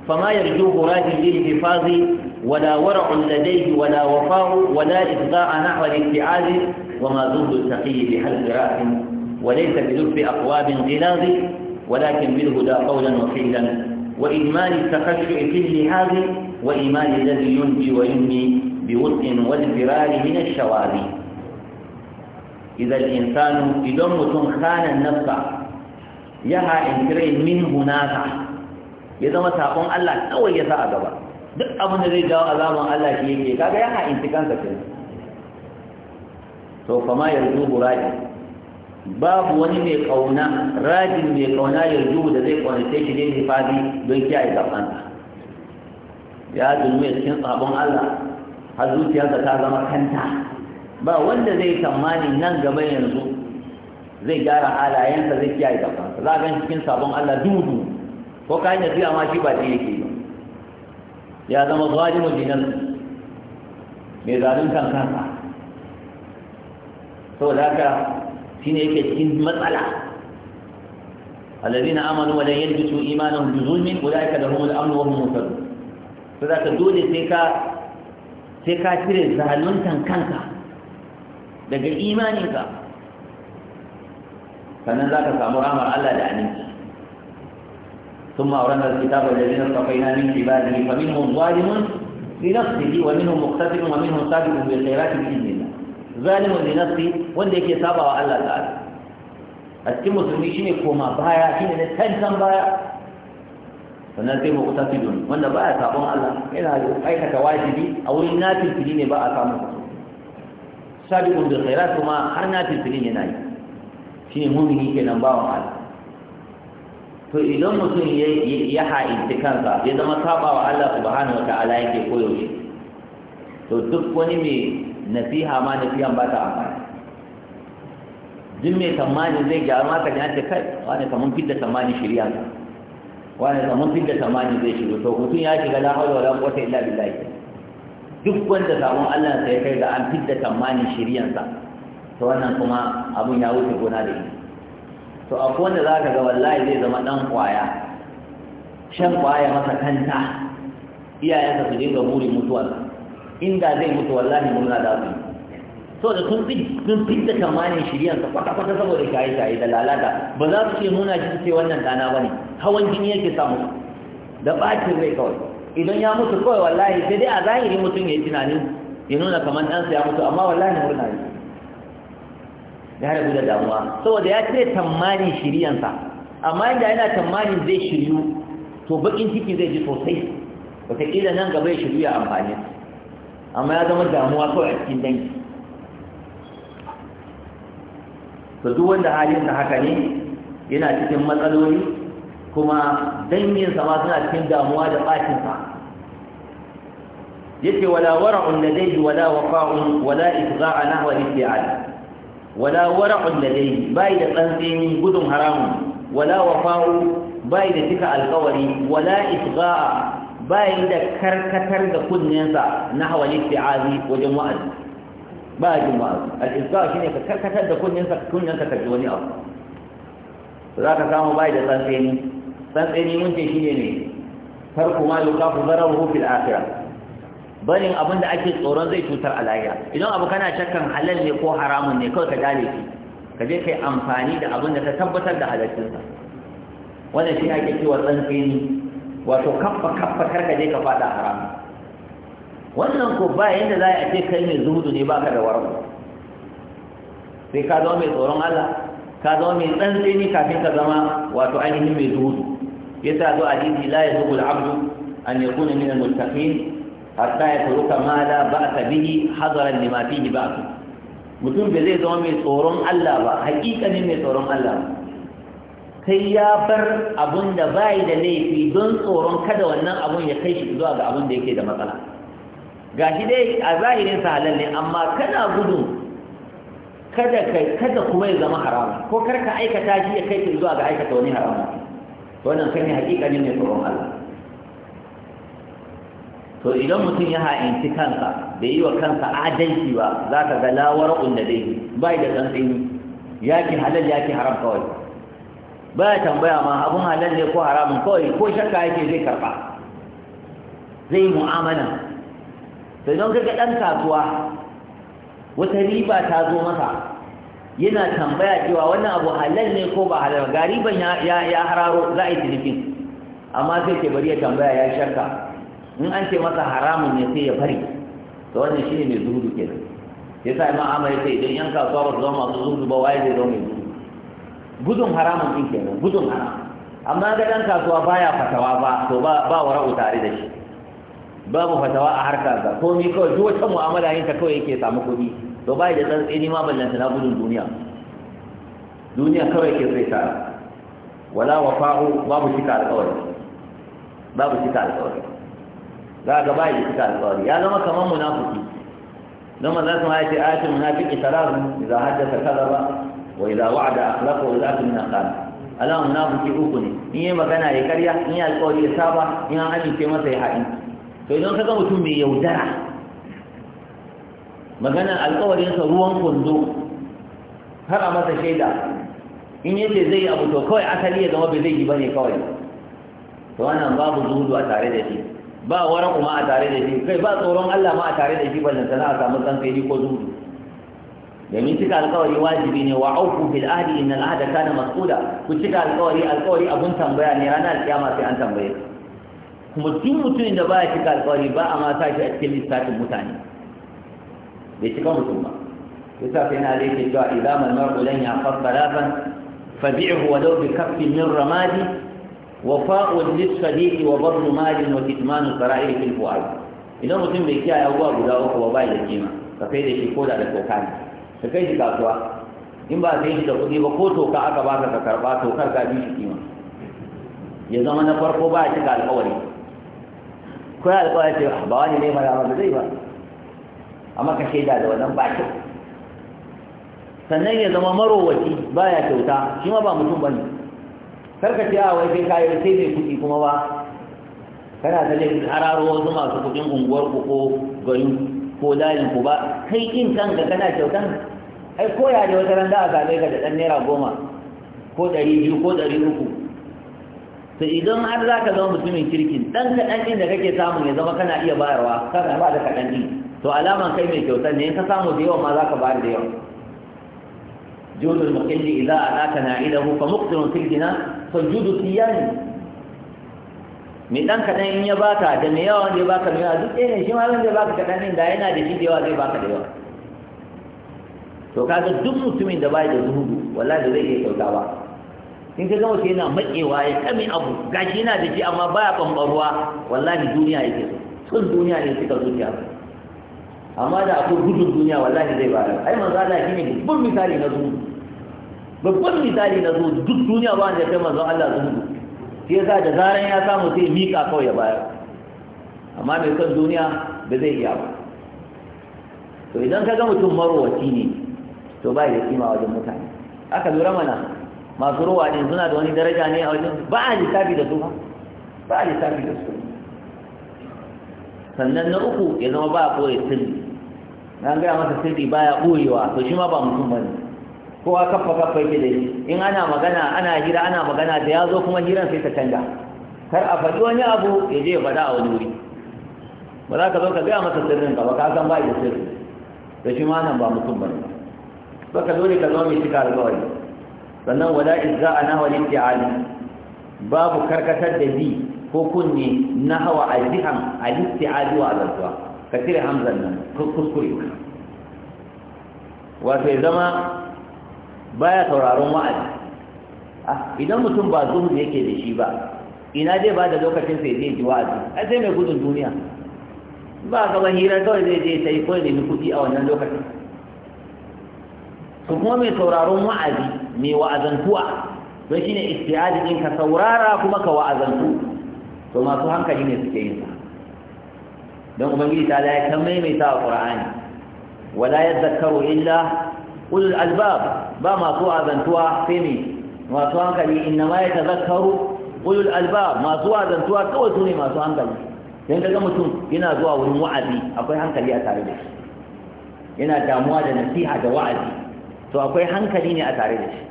فما يرجوه راج للحفاظ ولا ورع لديه ولا وفاء ولا إفضاء نحو الاتعاذ وما ذل التقي بحل راس وليس بلب أقواب غلاظ ولكن بالهدى قولا وفعلا وإجمال التخشع في اللحاظ وإيمان الذي ينجي وينمي بوطء والفرار من الشواذي إذا الإنسان إدمة خان النفس يها إنكرين من هناك إذا ما تقوم الله أول يساء دبا duk abin da zai jawo azaman Allah shi yake kaga ya ha'inci kansa ma buraji babu wani mai kauna rajin mai kauna yarju da zai kaunace shi ne hifadi don kiyaye zabansa ya zulmi cikin sabon Allah har zuciyarsa ta zama kanta ba wanda zai tsammani nan gaba yanzu zai gyara halayensa zai kiyaye gabansa za ga cikin sabon Allah dudu ko ka hanyar tuya ma shi ba ce yake ba ya zama zalimin dinar mai zaluntan kansa saboda haka ne yake cikin matsala الذين آمنوا ولن يلبسوا إيمانهم بظلم أولئك لهم الأمن وهم مهتدون ta za ka dole sai ka cire zaluntan kanka daga imaninka sannan za ka samu ramar Allah da aminci sun ma'auran da suke tabar da jinar kafai na minci ba da nifa min hun zalimun dinasti wa min hun muktasirin wa min hun sabibin bai tsayarati bikin nila zalimun dinasti wanda yake saba wa Allah ta'ala a cikin musulmi shi ne koma baya shi ne na tantan baya sannan sai makuta fi doni wanda ba ya sabon Allah yana aikata wajibi a wurin nafin fili ne ba a samun kaso sabiqun bil khairat kuma har nafin filfili yana yi shi ne mumini kenan bawan Allah to idan mutum ya ha'inci kansa ya zama saba wa Allah subhanahu wata'ala yake koyaushe to duk wani mai nasiha ma nasihan ba ta amfani duk mai tsammani zai gyara maka ne an ce kai wani kamar fidda shirya shari'a wani kamar fit da samani zai shigo to mutum ya shiga la hawla wala quwwata illa billah duk wanda samun Allah sai kai da an fit da samani shiriyansa to wannan kuma abun ya wuce gona da shi to kowanne wanda zaka ga wallahi zai zama dan kwaya shan kwaya masa kanta iyayensa su dinga burin mutuwa inda zai mutu wallahi murna da su saboda sun fi sun fi da tamanin shirya ta kwata kwata saboda shaye shaye da lalata ba za su ce nuna shi ce wannan dana ne. hawan jini yake samu da bakin rai kawai idan ya mutu kawai wallahi sai dai a zahiri mutum ya yi tunanin ya nuna kamar ɗansa ya mutu amma wallahi murna ne ya rabu da damuwa saboda ya cire tamanin shiryansa amma inda yana tamanin zai shiryu to bakin ciki zai ji sosai wataƙila nan gaba ya shirya amfani amma ya zama damuwa kawai a cikin dangi to duk wanda halin da haka ne yana cikin matsaloli kuma danginsa ma suna cikin damuwa da ɓacin sa yace wala wara'un ladayhi wala waqa'un wala ifgha'a nahwa al-isti'ala wala wara'un ladayhi bai da tsantsin gudun haramun wala wafa'u bai da cika alƙawari wala ifgha'a bai da karkatar da kunninsa nahwa al-isti'azi wajen wa'azi ba a jin wa'azi al shi ne ka karkatar da kunninka kunninka ka ji wani abu za ka samu bai da tsantseni tsantseni mun ce shine ne farko ma yuqafu dararuhu fil akhirah barin abin da ake tsoron zai cutar a idan abu kana shakkan halal ne ko haramun ne kawai ka dale shi ka je ka yi amfani da abin da ka tabbatar da halalcinsa wannan shi ake cewa tsantseni wato kaffa kaffa karka je ka faɗa haramun wannan ko ba yadda za a ce kai mai zuhudu ne ba ka da sai ka zama mai tsoron Allah ka zama mai tsantsini kafin ka zama wato ainihin mai zuhudu yasa zo a jiji la da abdu an ya min al-muttaqin hatta yatruka ma la ba'sa bihi hadaran lima fihi ba'su mutum bai zai zama mai tsoron Allah ba hakikanin mai tsoron Allah ba ya bar abun da bai da laifi don tsoron kada wannan abun ya kai shi zuwa ga abun da yake da matsala gashi dai a zahirin sa halal ne amma kana gudu kada kai kada kuma ya zama haramun ko kar ka aikata shi ya kai ki zuwa ga aikata wani haramun wannan kai ne hakikanin ne tsoron Allah to idan mutum ya ha'inci kansa da yi wa kansa adalci ba za ka ga lawar da dai ba da tsantsin ya ki halal ya ki haram kawai ba ya tambaya ma abun halal ne ko haramun kawai ko shakka yake zai karba zai mu'amala sai don kaga ɗan kasuwa wata riba ta zo masa yana tambaya cewa wannan abu halal ne ko ba halal ga riban ya hararo za a yi tilifin. amma sai ke bari ya tambaya ya shakka in an ce masa haramun ne sai ya fari to wannan shine mai zuhudu kenan sa imam Ahmad ya sai idan yan kasuwa ba su zama masu zuhudu ba waye zai zama mai zuhudu gudun haramun din kenan gudun haram amma ga ɗan kasuwa baya fatawa ba to ba ba wara'u tare da shi babu fatawa a harka ga komai kawai duk wata mu'amala yin ta kawai yake samu kuɗi to bai da tsantseni ma ballanta na gudun duniya duniya kawai ke sai tara wala wafa'u babu cika alƙawari babu cika alƙawari za ga bai da cika alƙawari ya zama kamar munafiki don manzon sama ya ce ayatul munafiqi tarahu idza haddatha kadaba wa idza wa'ada akhlaqa wa idza atmina qala alamun munafiki uku ne in yi magana ya karya in yi alƙawari ya saba in an amince masa ya haɗin to idan ka ga mutum mai yaudara magana alƙawarinsa ruwan kwando har a masa shaida in yace zai yi abu to kawai asali ya zama bai zai yi ba ne kawai to wannan babu zuhudu a tare da shi ba waran kuma a tare da shi kai ba tsoron Allah ma a tare da shi ba sana a samu san kai ko zuhudu domin cika alkawari wajibi ne wa auku fil ahdi innal ahda kana masuda ku cika alkawari alkawari abun tambaya ne ranar kiyama sai an tambaye ka kuma duk mutumin da baya cika alƙawari ba a ma sa shi a cikin lissafin mutane bai cika mutum ba yasa sai na da yake cewa idza mal mar'u lan fa talafan wa walau bi kaffin min ramadi wa fa'u lis sadiqi wa barru malin wa kitmanu sara'ir fil fu'ad idan mutum bai kiyaye abubuwa guda uku ba bai da kima ka kai da shi ko da da toka ne ka kai shi kasuwa in ba sai shi da kuɗi ba ko toka aka ba ka karɓa tokar ka bi shi kima ya zama na farko ba a cika alƙawari Koya da alƙawari ce ba wani ne mara ba zai ba a maka shaida da wannan ba kyau sannan ya zama marowaci ba ya kyauta shi ma ba mutum bane karka ce a ah, wai kai kayi sai mai kuɗi kuma ba kana ta laifin hararo wasu masu kuɗin unguwar ku ko gari ko dalin ku ba kai in kanka kana kyautan ai koya da wata randa a same ka da ɗan naira goma ko ɗari biyu ko ɗari uku to idan har za ka zama mutumin kirkin ɗan kaɗan ɗin da kake samu ya zama kana iya bayarwa kana ba da kaɗan ɗin to alaman kai mai kyauta ne in ka samu da yawa ma za ka bayar da yawa judul muqilli idza ataka na'idahu fa muqtirun fil dina fa judu tiyani mai ɗan kaɗan in ya baka da mai yawa wanda baka mai yawa duk ɗaya ne shi ma wanda zai baka kaɗan ɗin da yana da shi da yawa zai baka da yawa to kaga duk mutumin da bai da zuhudu wallahi da zai iya kyauta ba in ka gama yana matsewa ya kame abu gashi yana da shi amma baya bambaruwa wallahi duniya yake so sun duniya ne suka zuciya amma da akwai gudun duniya wallahi zai bada ai manzo Allah shine babban misali na zuwa babban misali na zuwa duk duniya ba da kai manzo Allah zuwa sai yasa da zaran ya samu sai mika kawai ya bayar amma mai son duniya ba zai iya ba to idan ka ga mutum marwaci ne to ba da kima wajen mutane aka lura mana masu ruwa ne suna da wani daraja ne a wajen ba a lissafi da su ba ba a lissafi da su sannan na uku ya zama ba a ɓoye sirri na gaya masa sirri ba ya ɓoyewa to shi ma ba mutum ba ne kowa kafa kafa yake da shi in ana magana ana hira ana magana da ya zo kuma hiran sai ta canja kar a faɗi wani abu ya je ya faɗa a wani wuri ba za ka zo ka gaya masa sirrin ka ba ka san ba da sirri da shi ma nan ba mutum ba ne ba ka dole ka zama mai cika alƙawari sannan wala izza'ana wal isti'ana babu karkatar da bi ko kunne na hawa azihan al isti'ali wa azalwa ka cire hamzan nan kuskure wato ya zama baya sauraron wa'azi ah, idan mutum ba zuhud yake da shi ba ina zai ba da lokacin sai zai ji wa'azi ai sai mai gudun duniya ba gaba hira kawai zai je sai ko ne kuɗi a wannan lokacin su kuma mai sauraron wa'azi mai wa'azantuwa don shine isti'adi din ka saurara kuma ka wa'azantu to masu hankali ne suke yin sa don ubangiji ta ya kan maimaita a qur'ani wala ya zakaru illa ulul albab ba masu wa'azantuwa sai mai masu hankali inna ma zakaru ulul albab masu wa'azantuwa kawai su ne masu hankali don kaga mutum yana zuwa wurin wa'azi akwai hankali a tare da shi yana damuwa da nasiha da wa'azi to akwai hankali ne a tare da shi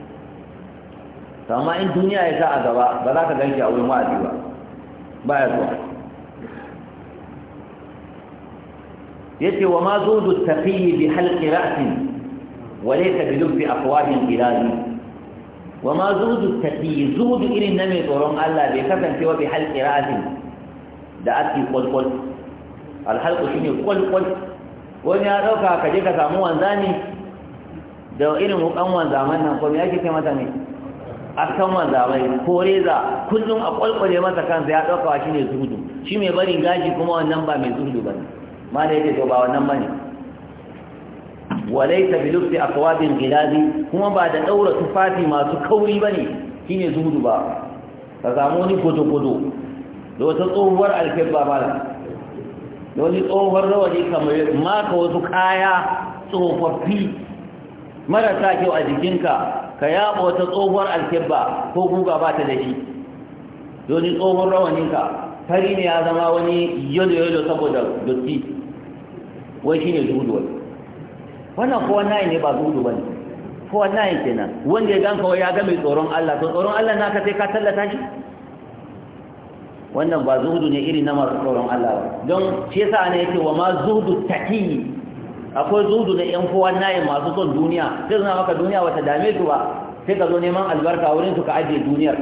to amma in duniya ya sa a gaba ba za ka ganshi a wurin wa'azi ba ba ya zuwa yace wa ma zudu taqiyyi bi halqi ra'sin wale laysa bi a afwahin ilahi wa ma zudu tafi zudu irin na mai tsoron Allah bai kasance wa bi halki ra'atin da ake kwalkwal alhalku shi shine kwalkwal wani ya ɗauka ka je ka samu wanzani da irin wukan wanzaman nan ko me yake kai mata ne akan wanzamai ko reza kullum a kwalkwale masa kansa ya ɗaukawa shi ne zuhudu shi mai barin gaji kuma wannan ba mai zuhudu ba ne ma da yake to ba wannan ba ne walaita bi lufti akwabin gilazi kuma ba da ɗaura tufafi masu kauri ba ne shi ne zuhudu ba ka samu wani gudu-gudu da wata tsohuwar ba mala da wani tsohuwar rawani kamar maka wasu kaya tsofaffi marasa kyau a jikinka ka yaɓa wata tsohuwar alkibba ko guga ba ta da shi Doni tsohon rawaninka fari ne ya zama wani yalo-yalo saboda dotti wai shi ne zuhudu wannan kowar nayi ne ba zuhudu ba ne kowa nayi kenan wanda ya gan kawai ya ga mai tsoron Allah to tsoron Allah naka sai ka tallata shi wannan ba zuhudu ne iri na masu tsoron Allah ba don shi yasa ana yake wa ma zuhudu taqiyi akwai zuzu da ƴan kowa nayi masu son duniya sai suna maka duniya wata dame su ba sai ka zo neman albarka wurin su ka ajiye duniyar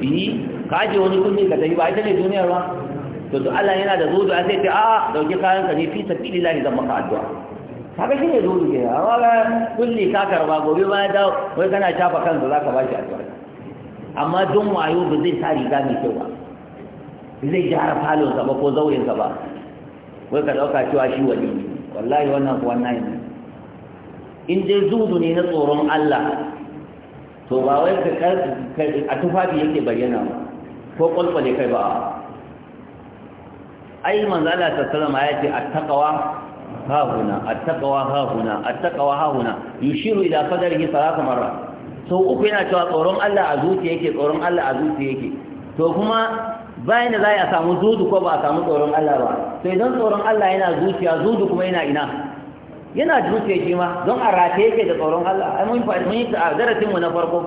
yi ka ajiye wani kunni ka tafi ba ita ne duniyar ba to to Allah yana da zuzu sai ta a dauki kayan ka ne fi lillahi zan maka addu'a kaga shine zuzu ke amma ga kulli ka karba gobe ba da wai kana shafa kanka zaka ba shi addu'a amma don wayo ba zai sa riga mai kyau ba zai gyara falonsa ba ko zaurinsa ba wai ka ɗauka cewa shi wani ne wallahi wannan kuwa na ne in dai zudu ne na tsoron Allah to ba wai ka a tufafi yake bayyana ba ko kwalkwale kai ba ai manzo Allah sallallahu alaihi wasallam ya ce attaqwa ha huna attaqwa ha huna attaqwa ha huna yushiru ila qadarihi salasa marra so uku yana cewa tsoron Allah a zuciya yake tsoron Allah a zuciya yake to kuma bayan da za a samu zudu ko ba a samu tsoron Allah ba to don tsoron Allah yana zuciya zudu kuma yana ina yana zuciya shi ma don a rataye yake da tsoron Allah ai mun mun yi a darasin mu na farko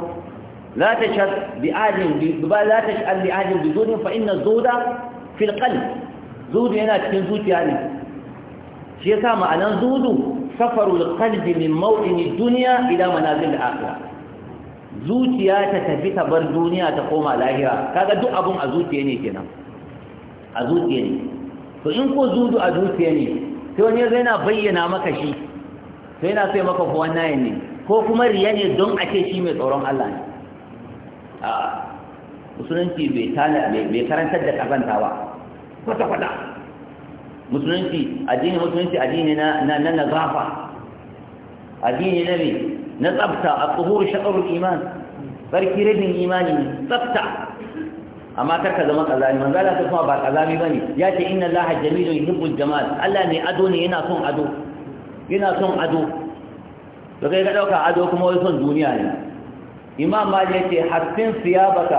la tashhad bi adin bi ba la tashhad bi adin bi fa inna zuda fil zudu yana cikin zuciya ne shi yasa ma'anan zudu safarul qalbi min mawdini dunya ila manazil akhirah zuciya ta tafi ta bar duniya ta koma lahira kaga duk abun a zuciya ne kenan a zuciya ne to in ko zudu a zuciya ne sai wani zai na bayyana maka shi sai na sai maka ko wannan yayin ne ko kuma riya ne don a ce shi mai tsoron Allah ne a musulunci bai tana bai karantar da kazantawa kwata kwata musulunci addini musulunci addini na na na nazafa addini na ne نزبتا الطهور شطر الإيمان فركيرين الإيمان تقطع أما تركز ما قال من قال تسمع بعد أذامي بني ياتي إن الله جميل يهب الجمال ألا ني أدوني هنا صن أدو هنا صن أدو لكي قد أوكا أدوكم هو صن دنيا إمام ما جيتي حسن ثيابك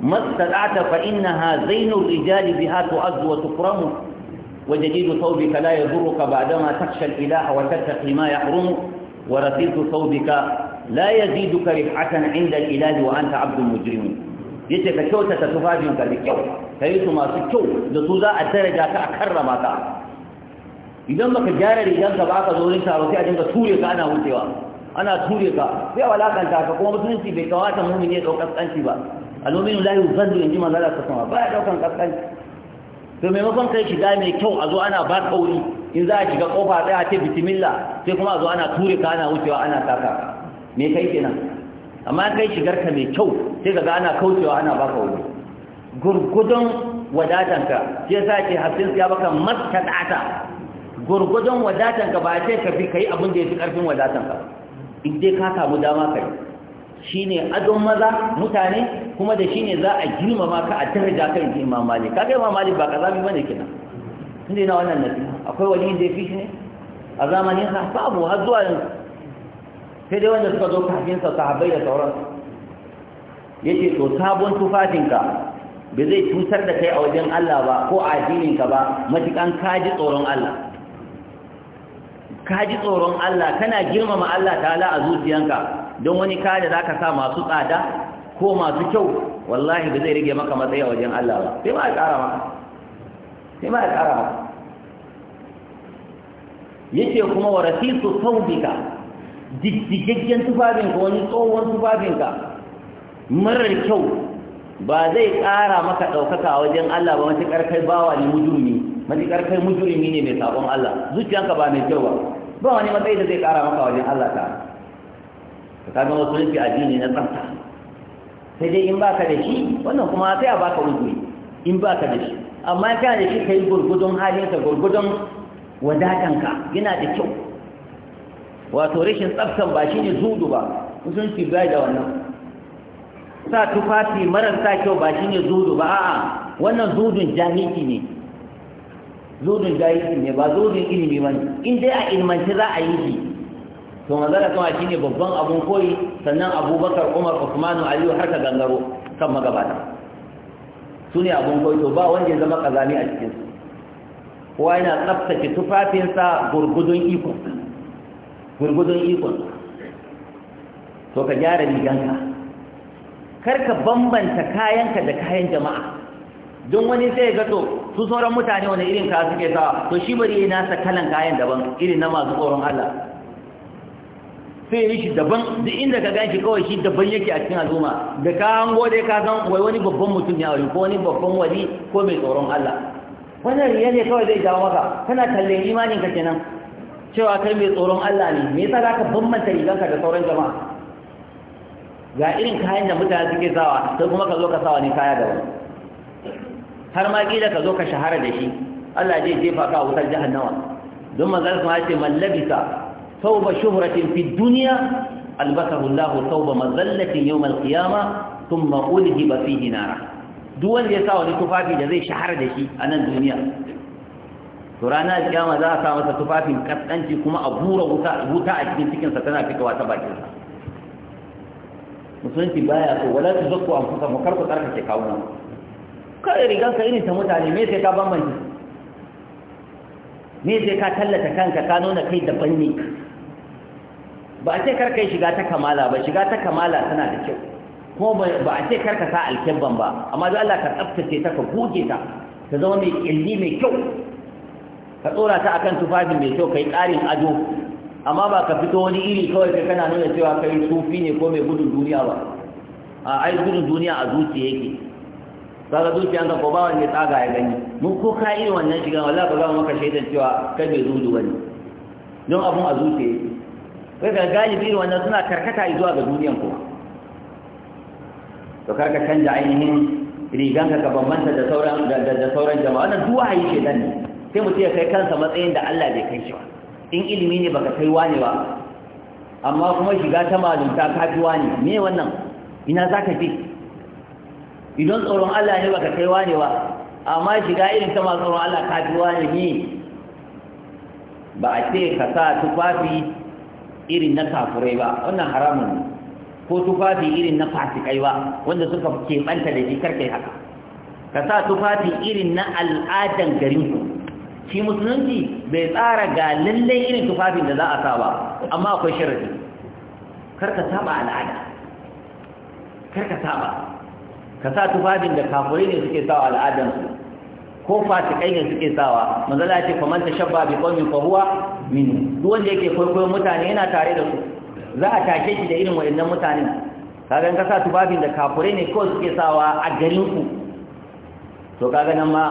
ما استطعت فإنها زين الرجال بها تعز وتكرم وجديد ثوبك لا يضرك بعدما تخشى الإله وتتقي ما يحرمك wa rasitu thawbika la yaziduka rif'atan 'inda al-ilahi wa anta 'abdun mujrim yace ka kyautata tufafin ka da kyau kai su masu kyau da su za a daraja ka a karrama ka idan baka gyara rigar ka ba ka zo rin taro sai a dinga ture ka ana wucewa ana ture ka sai a walakanta ka kuma musulunci bai kawata mumin ya daukar kanci ba al'umminu la yuzallu in ji manzala ta sama ba ya daukan kaskanci to maimakon kai shiga mai kyau a zo ana ba kauri in za a shiga kofa tsaya a ce bitimilla sai kuma a zo ana ture ka ana wucewa ana taka me kai kenan amma kai shigar ka mai kyau sai ka ga ana kaucewa ana baka wuri gurgudun wadatanka shi yasa ce hafsin ya baka mastata'ata gurgudun wadatanka ba sai ka bi kai abin da yake karfin wadatanka in dai ka samu dama kai shine adon maza mutane kuma da shine za a girmama ka a daraja kai ji imam malik kaga imam malik ba kazami bane kenan inda na wannan nabi akwai wani da fi shi ne a zamaninsa babu har zuwa yanzu sai dai wanda suka zo sa sahabbai da sauran. ya to sabon tufafinka bai zai cutar da kai a wajen Allah ba ko a ka ba matukan kaji tsoron Allah kaji tsoron Allah kana girmama Allah ta'ala a zuciyanka don wani kada za ka sa masu tsada ko masu kyau wallahi ba zai rage maka matsayi a wajen Allah ba sai ba a ƙara maka sai ma ya ƙara maka yake kuma wa rasisu ka jijjigaggen tufafinka wani tsohon tufafinka marar kyau ba zai ƙara maka ɗaukaka a wajen Allah ba Mace ƙarfai bawa ne mujurmi Mace ƙarfai mujurmi ne mai saƙon Allah zuciyanka ba mai kyau ba ba wani matsayi da zai ƙara maka wajen Allah ta ka ga wasu a addini na tsafta sai dai in baka da shi wannan kuma sai a baka uzuri in baka da shi amma kana da shi ka kai gurgudun halinsa gurgudun wadatanka yana da kyau wato rashin tsaftan ba shi ne zudu ba musulunci bai da wannan sa tufafi mararsa kyau ba shi ne zudu ba a'a wannan zudun jahili ne zudun jahili ne ba zudun ilimi ba ne in dai a ilmanci za a yi shi to manzala kuma ne babban abun koyi sannan abubakar umar usmanu aliyu har ka gangaro kan magabata su ne abin kwaito ba wanda ya zama kazami a cikin su kowa yana tsaftace tufafinsa gurgudun ikon gurgudun ikon to ka gyara riganka kar bambanta kayanka da kayan jama'a don wani sai ga to su sauran mutane wani irin ka suke sa to shi bari yana sa kalan kayan daban irin na masu tsoron Allah sai yi shi daban duk inda ka ganshi kawai shi daban yake a cikin al'umma da ka hango dai ka san wai wani babban mutum ne wani, ko wani babban wali ko mai tsoron Allah wannan riya ne kawai zai jawo maka kana kalle imanin ka kenan cewa kai mai tsoron Allah ne me yasa zaka bambanta riganka da sauran jama'a ga irin kayan da mutane suke sawa sai kuma ka zo ka sawa ne kaya da wani har ma kila ka zo ka shahara da shi Allah zai jefa ka a wutar jahannama don manzon ya ce man labisa ثوب شهرة في الدنيا ألبسه الله ثوب مذلة يوم القيامة ثم ألهب فيه نارا دول يساوى لتفاتي جزي شهر دشي أنا الدنيا ترانا القيامة ذا سامة تفافي أنت كما أبور وتاء جنسي كنسة تنافي كواتبا كنسة musulunci baya so ولا تزقوا zakku an fusa mu kai rigan ka irin ta mutane me sai ka bambance me sai ka tallata kanka ka nuna kai daban ne ba a ce kar kai shiga ta kamala ba shiga ta kamala tana da kyau kuma ba a ce kar ka sa alkibban ba amma don Allah ka tsaftace ta ka goge ta ta zama mai kyalli mai kyau ka tsora ta akan tufafi mai kyau kai ƙarin ado amma ba ka fito wani iri kawai kai kana nuna cewa kai sufi ne ko mai gudun duniya ba a ai gudun duniya a zuciya yake ga zuciya ka ko ba wani tsaga ya gani mun ko ka yi wannan shiga wallahi ba za mu maka shaidan cewa kai mai ba ne don abun a zuciya sai ga galibi wannan suna karkata zuwa ga duniyan kuma to karka canja ainihin riganka ka bambanta da sauran da sauran jama'a wannan duwa yi ce ne sai mutum ya kai kansa matsayin da Allah bai kai shi ba in ilimi ne baka kai wani ba amma kuma shiga ta malumta ka fi wani me wannan ina za ka fi idan tsoron Allah ne baka kai wani ba amma shiga irin ta ma tsoron Allah ka fi wani ne ba a ce ka sa tufafi irin na kafurai ba wannan haramun ne ko tufafi irin na fasikai ba wanda suka keɓanta da jikar kai haka ka sa tufafi irin na al'adan garin ku shi musulunci bai tsara ga lallai irin tufafin da za a sa ba amma akwai sharadi kar ka saba al'ada kar ka saba ka sa tufafin da kafurai ne suke sa al'adansu ko fasikai ne suke sawa manzala ce man tashabba bi qawmin fa huwa minhu duk wanda yake kwaikwayon mutane yana tare da su za a take shi da irin waɗannan mutanen kaga ka sa tubabin da kafure ne ko suke sawa a garin ku to kaga nan ma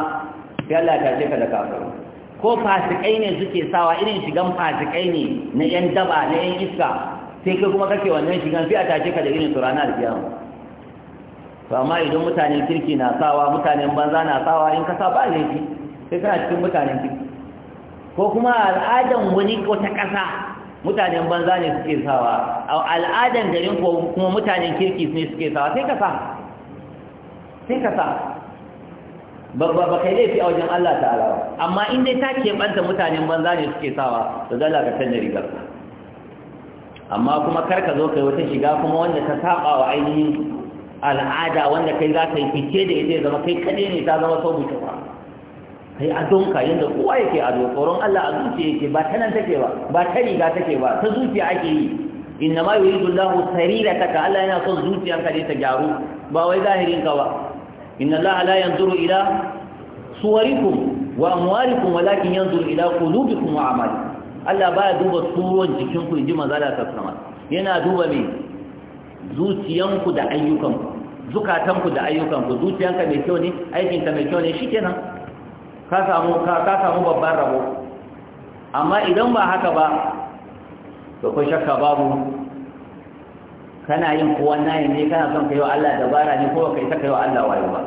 sai Allah ya take ka da kafure ko fasikai ne suke sawa irin shigan fasikai ne na yan daba na yan iska sai kai kuma kake wannan shigan sai a take ka da irin surana da kiyama to amma idan mutanen kirki na sawa mutanen banza na sawa in ka sa ba laifi sai kana cikin mutanen kirki ko kuma al'adan wani wata ƙasa mutanen banza ne suke sawa a al'adan garin ko kuma mutanen kirki ne suke sawa sai ka sa sai ka sa ba kai laifi a wajen Allah ta'ala amma in dai ta keɓanta mutanen banza ne suke sawa to dalla ka canza rigar amma kuma kar ka zo kai wata shiga kuma wanda ka saba wa ainihin al'ada wanda kai za ka yi fice da ita ya zama kai kaɗai ne ta zama sau ba. kai adonka yadda kowa yake ado tsoron Allah a zuciya yake ba ta nan take ba ba ta riga take ba ta zuciya ake yi inna ma Dullahu, yuridu Allahu sarirata Allah yana son zuciyarka ne ta gyaru ba wai zahirin ka ba inna Allah la yanzuru ila suwarikum wa amwarikum walakin yanzuru ila qulubikum wa a'malikum Allah baya duba suron jikinku inji manzo Allah sallallahu alaihi yana duba me zuciyanku da ayyukanku zukatanku da ayyukanku zuciyanka mai kyau ne aikinka mai kyau ne shikenan ka samu ka samu babban rabo amma idan ba haka ba to ko shakka babu kana yin kowa nayi ne kana son kai wa Allah dabara ne ko kai saka yi wa Allah wayo ba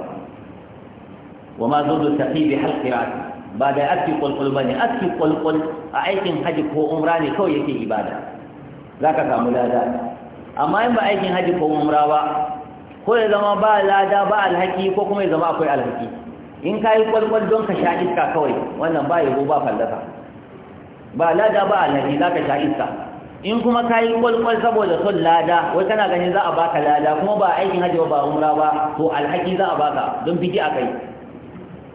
wa ma zudu taqi bi halqi ra'si ba da aski kwalkwal ba ne aski kwalkwal a aikin haji ko umra ne kawai yake ibada za ka samu lada amma in ba aikin haji ko umra ba ko ya zama ba lada ba alhaki ko kuma ya zama akwai alhaki in ka yi kwalkwal don ka sha iska kawai wannan ba yabo ba fallasa ba lada ba alhaki za ka sha iska in kuma ka yi kwalkwal saboda son lada wai kana ganin za a baka lada kuma ba aikin hajji ba umra ba to alhaki za a baka don biki a kai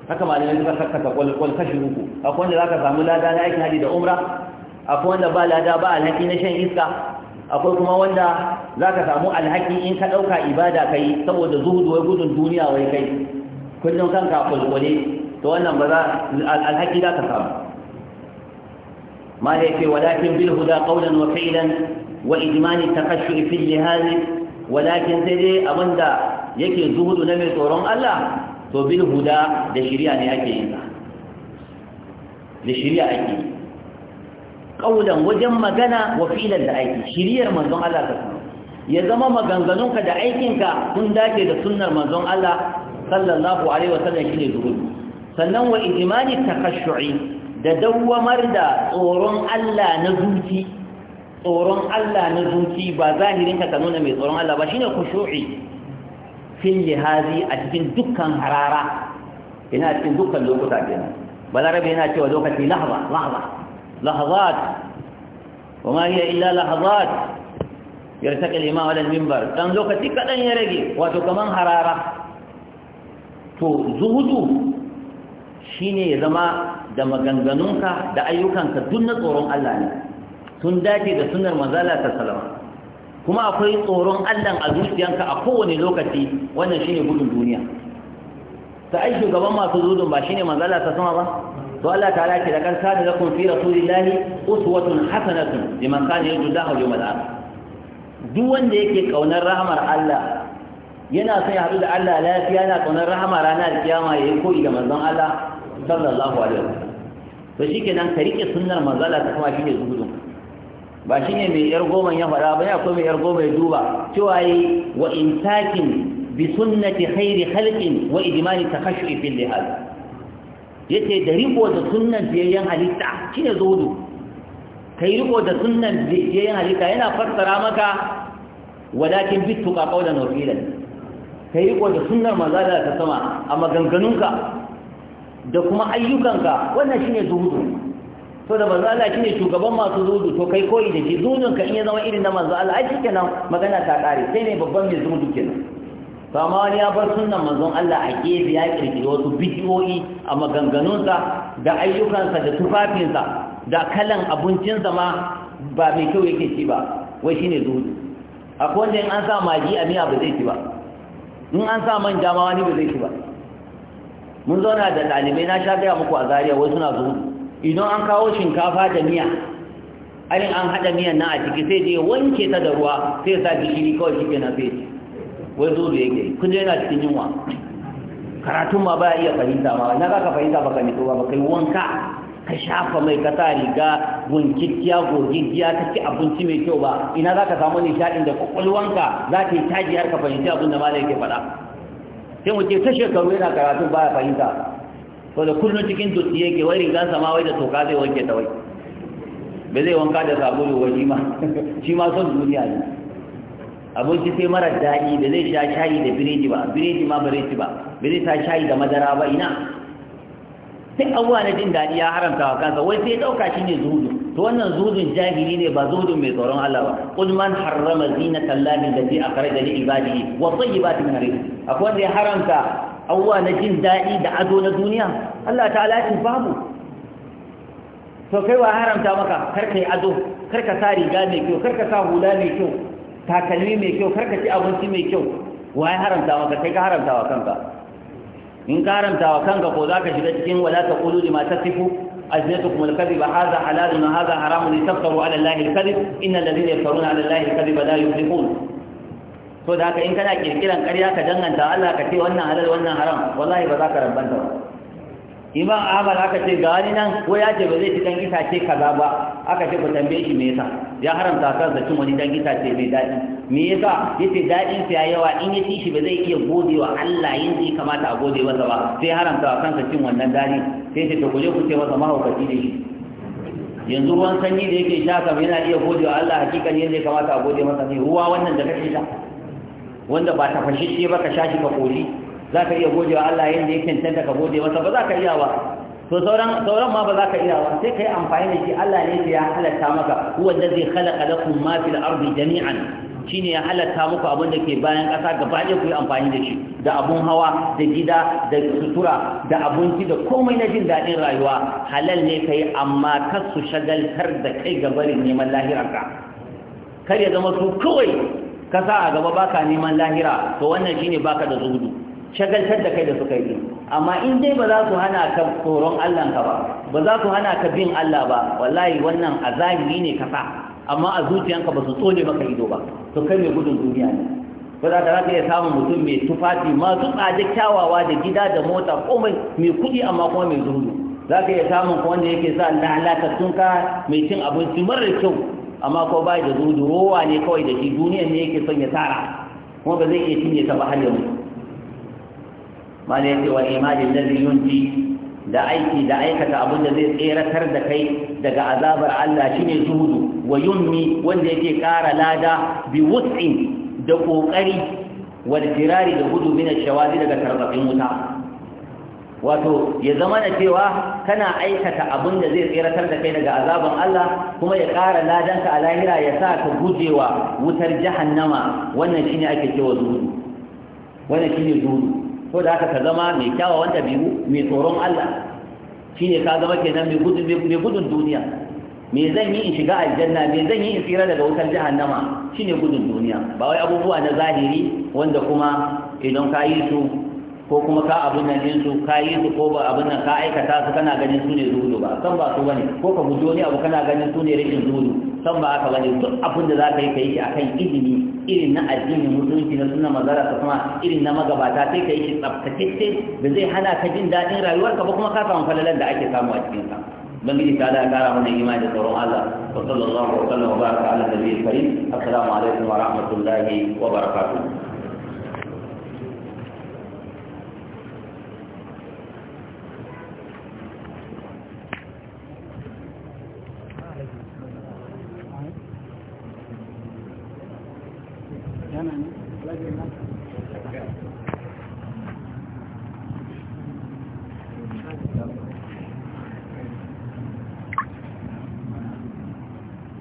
haka malamai suka sakkata kwalkwal kashi uku akwai wanda za ka samu lada na aikin hajji da umra akwai wanda ba lada ba alhaki na shan iska akwai kuma wanda za ka samu alhaki in ka ɗauka ibada ka yi saboda zuhudu wai gudun duniya wai kai kullum kanka kulkule to wannan ba za alhaki za ka samu ma da yake walakin bil huda qawlan wa fi'lan wa ijmani takashshu fi lihazi walakin sai dai abinda yake zuhudu na mai tsoron Allah to bil huda da shari'a ne ake yin da shari'a ake yi qaulan wajen magana wa filan da aiki shiriyar manzon Allah ta ya zama maganganunka da aikinka kun dace da sunnar manzon Allah sallallahu alaihi wa wasallam shine zuhud sannan wa ijmani takashshu'i da dawwamar da tsoron Allah na zuci tsoron Allah na zuci ba zahirin ka nuna mai tsoron Allah ba shine khushu'i fil lihazi a cikin dukkan harara ina cikin dukkan lokuta kenan balarabe yana cewa lokaci lahza lahza لحظات وما هي إلا لحظات يرتقي الإمام على المنبر دان لوكتي كدن يرغي واتو كمان حرارة تو زهدو شيني زما da maganganunka da ayyukanka duk na tsoron Allah ne sun dace da sunnar manzala ta salama kuma akwai tsoron Allah a zuciyanka a kowane lokaci wannan shine gudun duniya ta shugaban masu zudun ba shine manzala ta sama ba to Allah ta'ala ce laqad kana kun fi rasulillahi uswatun hasanatun liman kana yarju Allah wal yawmal akhir duk wanda yake kaunar rahmar Allah yana son ya haɗu da Allah lafiya yana kaunar rahama ranar kiyama yayi koyi da manzon Allah sallallahu alaihi wasallam to shikenan ka rike sunnar manzon ta kuma shine zuhudun ba shine mai yar goman ya fara ba ya akwai yar goma ya duba cewa yi wa intakin bi sunnati khairi khalqin wa idmani takhashu fil lihad yace da riko da sunnan biyayyen halitta shine zuhudu kai riko da sunnan biyayyen halitta yana fassara maka walakin bitu ka qawlan wa fi'lan kai riko da sunan manzo ta sama a maganganunka da kuma ayyukanka wannan shine zuhudu to da manzo Allah shine shugaban masu zuhudu to kai koyi da shi zuhudun ka in ya zama irin na manzo Allah ai shikenan magana ta kare sai ne babban mai zuhudu kenan ba wani ya bar sunan manzon Allah a gefe ya kirkiri wasu bidiyoyi a maganganunsa da ayyukansa da tufafinsa da kalan abincinsa ma ba mai kyau yake ci ba wai shine zuhudu akwai wanda in an sa maji a miya ba zai ci ba in an sa man ma wani ba zai ci ba mun zauna da ɗalibai na sha gaya muku a zariya wai suna zuhudu idan an kawo shinkafa da miya alin an haɗa miyan nan a ciki sai je wanke ta da ruwa sai sa gishiri kawai shi kenan na sai wai da yake kun je yana cikin yunwa karatun ma ba iya fahimta ma na ka fahimta baka nito ba kai wanka ka shafa mai ka sa riga wankikkiya gogiggiya ta ci abinci mai kyau ba ina za ka samu nishaɗin da kwakwalwanka za ta yi taji har ka fahimci abin da malai ke faɗa sai mu ce ta shekaru yana karatu baya fahimta to da kullum cikin dutse yake wai rigan sama wai da toka zai wanke ta wai ba zai wanka da sabulu wai shi ma shi ma son duniya ne abinci sai mara daɗi da zai sha shayi da biredi ba biredi ma bare ci ba bare ta shayi da madara ba ina sai abuwa na jin daɗi ya haramta wa kansa wai sai ɗauka shi ne zuhudu to wannan zuhudun jahili ne ba zuhudun mai tsoron Allah ba qul man harrama zinata allahi allati akhraja li ibadihi wa tayyibati min rizqi akwai wanda ya haramta abuwa na jin daɗi da ado na duniya Allah ta'ala ya babu to kai wa haramta maka kar yi ado kar ka sa riga mai kyau kar ka sa hula mai kyau takalmi mai kyau karka ci abinci mai kyau wa ya haramta maka kai ka haramta wa kanka in ka haramta wa kanka ko za ka shiga cikin wala ta kulu lima tasifu ألسنتكم الكذب هذا حلال وهذا حرام لتفتروا على الله الكذب إن الذين يفترون على al الكذب لا يفلحون to da haka in kana kirkiran ƙarya ka danganta Allah ka ce wannan halal wannan haram wallahi ba za ka rabbanta ba imam ahmad aka ce ga wani nan ko ya ce ba zai ci dan itace kaza ba aka ce ku tambaye shi me yasa ya haramta kan da cin wani dan itace mai daɗi me yasa yace daɗin sa yawa in ya ci shi ba zai iya gode wa Allah yanda ya kamata a gode masa ba sai haramta wa kansa cin wannan daɗi sai ce to ku je ku ce masa mahaukaci da shi yanzu ruwan sanyi da yake sha kam yana iya gode wa Allah hakikan yanda ya kamata a gode masa ne ruwa wannan da kake sha wanda ba tafashashe ba ka sha shi ka koli za ka iya wa? Allah yadda yake cancanta ka gode masa ba za ka iya ba to sauran sauran ma ba za ka iya ba sai ka yi amfani da shi Allah ne ya halatta maka huwa allazi khalaqa lakum ma fil ardi jami'an shine ya halatta muku abin da ke bayan ƙasa gaba ɗaya ku yi amfani da shi da abun hawa da gida da sutura da abinci da komai na jin daɗin rayuwa halal ne kai amma kar su shagaltar da kai ga barin neman lahirarka kar ya zama su kawai ka sa a gaba baka neman lahira to wannan shine baka da zuhudu shagaltar da kai da suka yi amma in dai ba za su hana ka tsoron Allah ka ba ba za su hana ka bin Allah ba wallahi wannan a zahiri ne ka amma a zuciyanka ba su tsone maka ido ba to kai mai gudun duniya ne ko za ka iya samun mutum mai tufafi masu tsada kyawawa da gida da mota komai mai kuɗi amma kuma mai zurdu za ka iya samun ko wanda yake sa lalatattun ka mai cin abinci marar kyau amma ko ba da zurdu rowa ne kawai da shi duniyan ne yake son ya tara kuma ba zai iya cinye ta ba har mana yake wa imanin lalli yunji da aiki da aikata abin da zai tseratar da kai daga azabar Allah shine zuhudu wa yummi wanda yake kara lada bi wutsin da kokari waltirari da gudu min shawazi daga tarbatin wuta wato ya zama da cewa kana aikata abin da zai tseratar da kai daga azabar Allah kuma ya kara ka a lahira ya sa ka gujewa wutar jahannama wannan shine ake cewa zuhudu wannan shine zuhudu ko da haka ka zama mai kyawawan ɗabi'u mai tsoron Allah shi ne ka zama kenan mai gudun mai gudun duniya me zan yi in shiga aljanna me zan yi in tsira daga wutar jahannama ne gudun duniya ba wai abubuwa na zahiri wanda kuma idan ka yi su ko kuma ka abin nan din su ka yi su ko ba abin nan ka aikata su kana ganin su ne zuwa ba san ba su bane ko ka guji wani abu kana ganin su ne rikin zuwa san ba haka bane duk abin da za ka yi ka yi akan izini irin na addinin musulunci na sunan mazara ta kuma irin na magabata sai ka yi shi tsaftatacce da zai hana ka jin daɗin ka ba kuma ka samu falalan da ake samu a cikin sa ubangiji ta da kara mana imani da tsoron Allah wa sallallahu wa sallam wa baraka ala nabiyil karim assalamu alaikum wa rahmatullahi wa barakatuh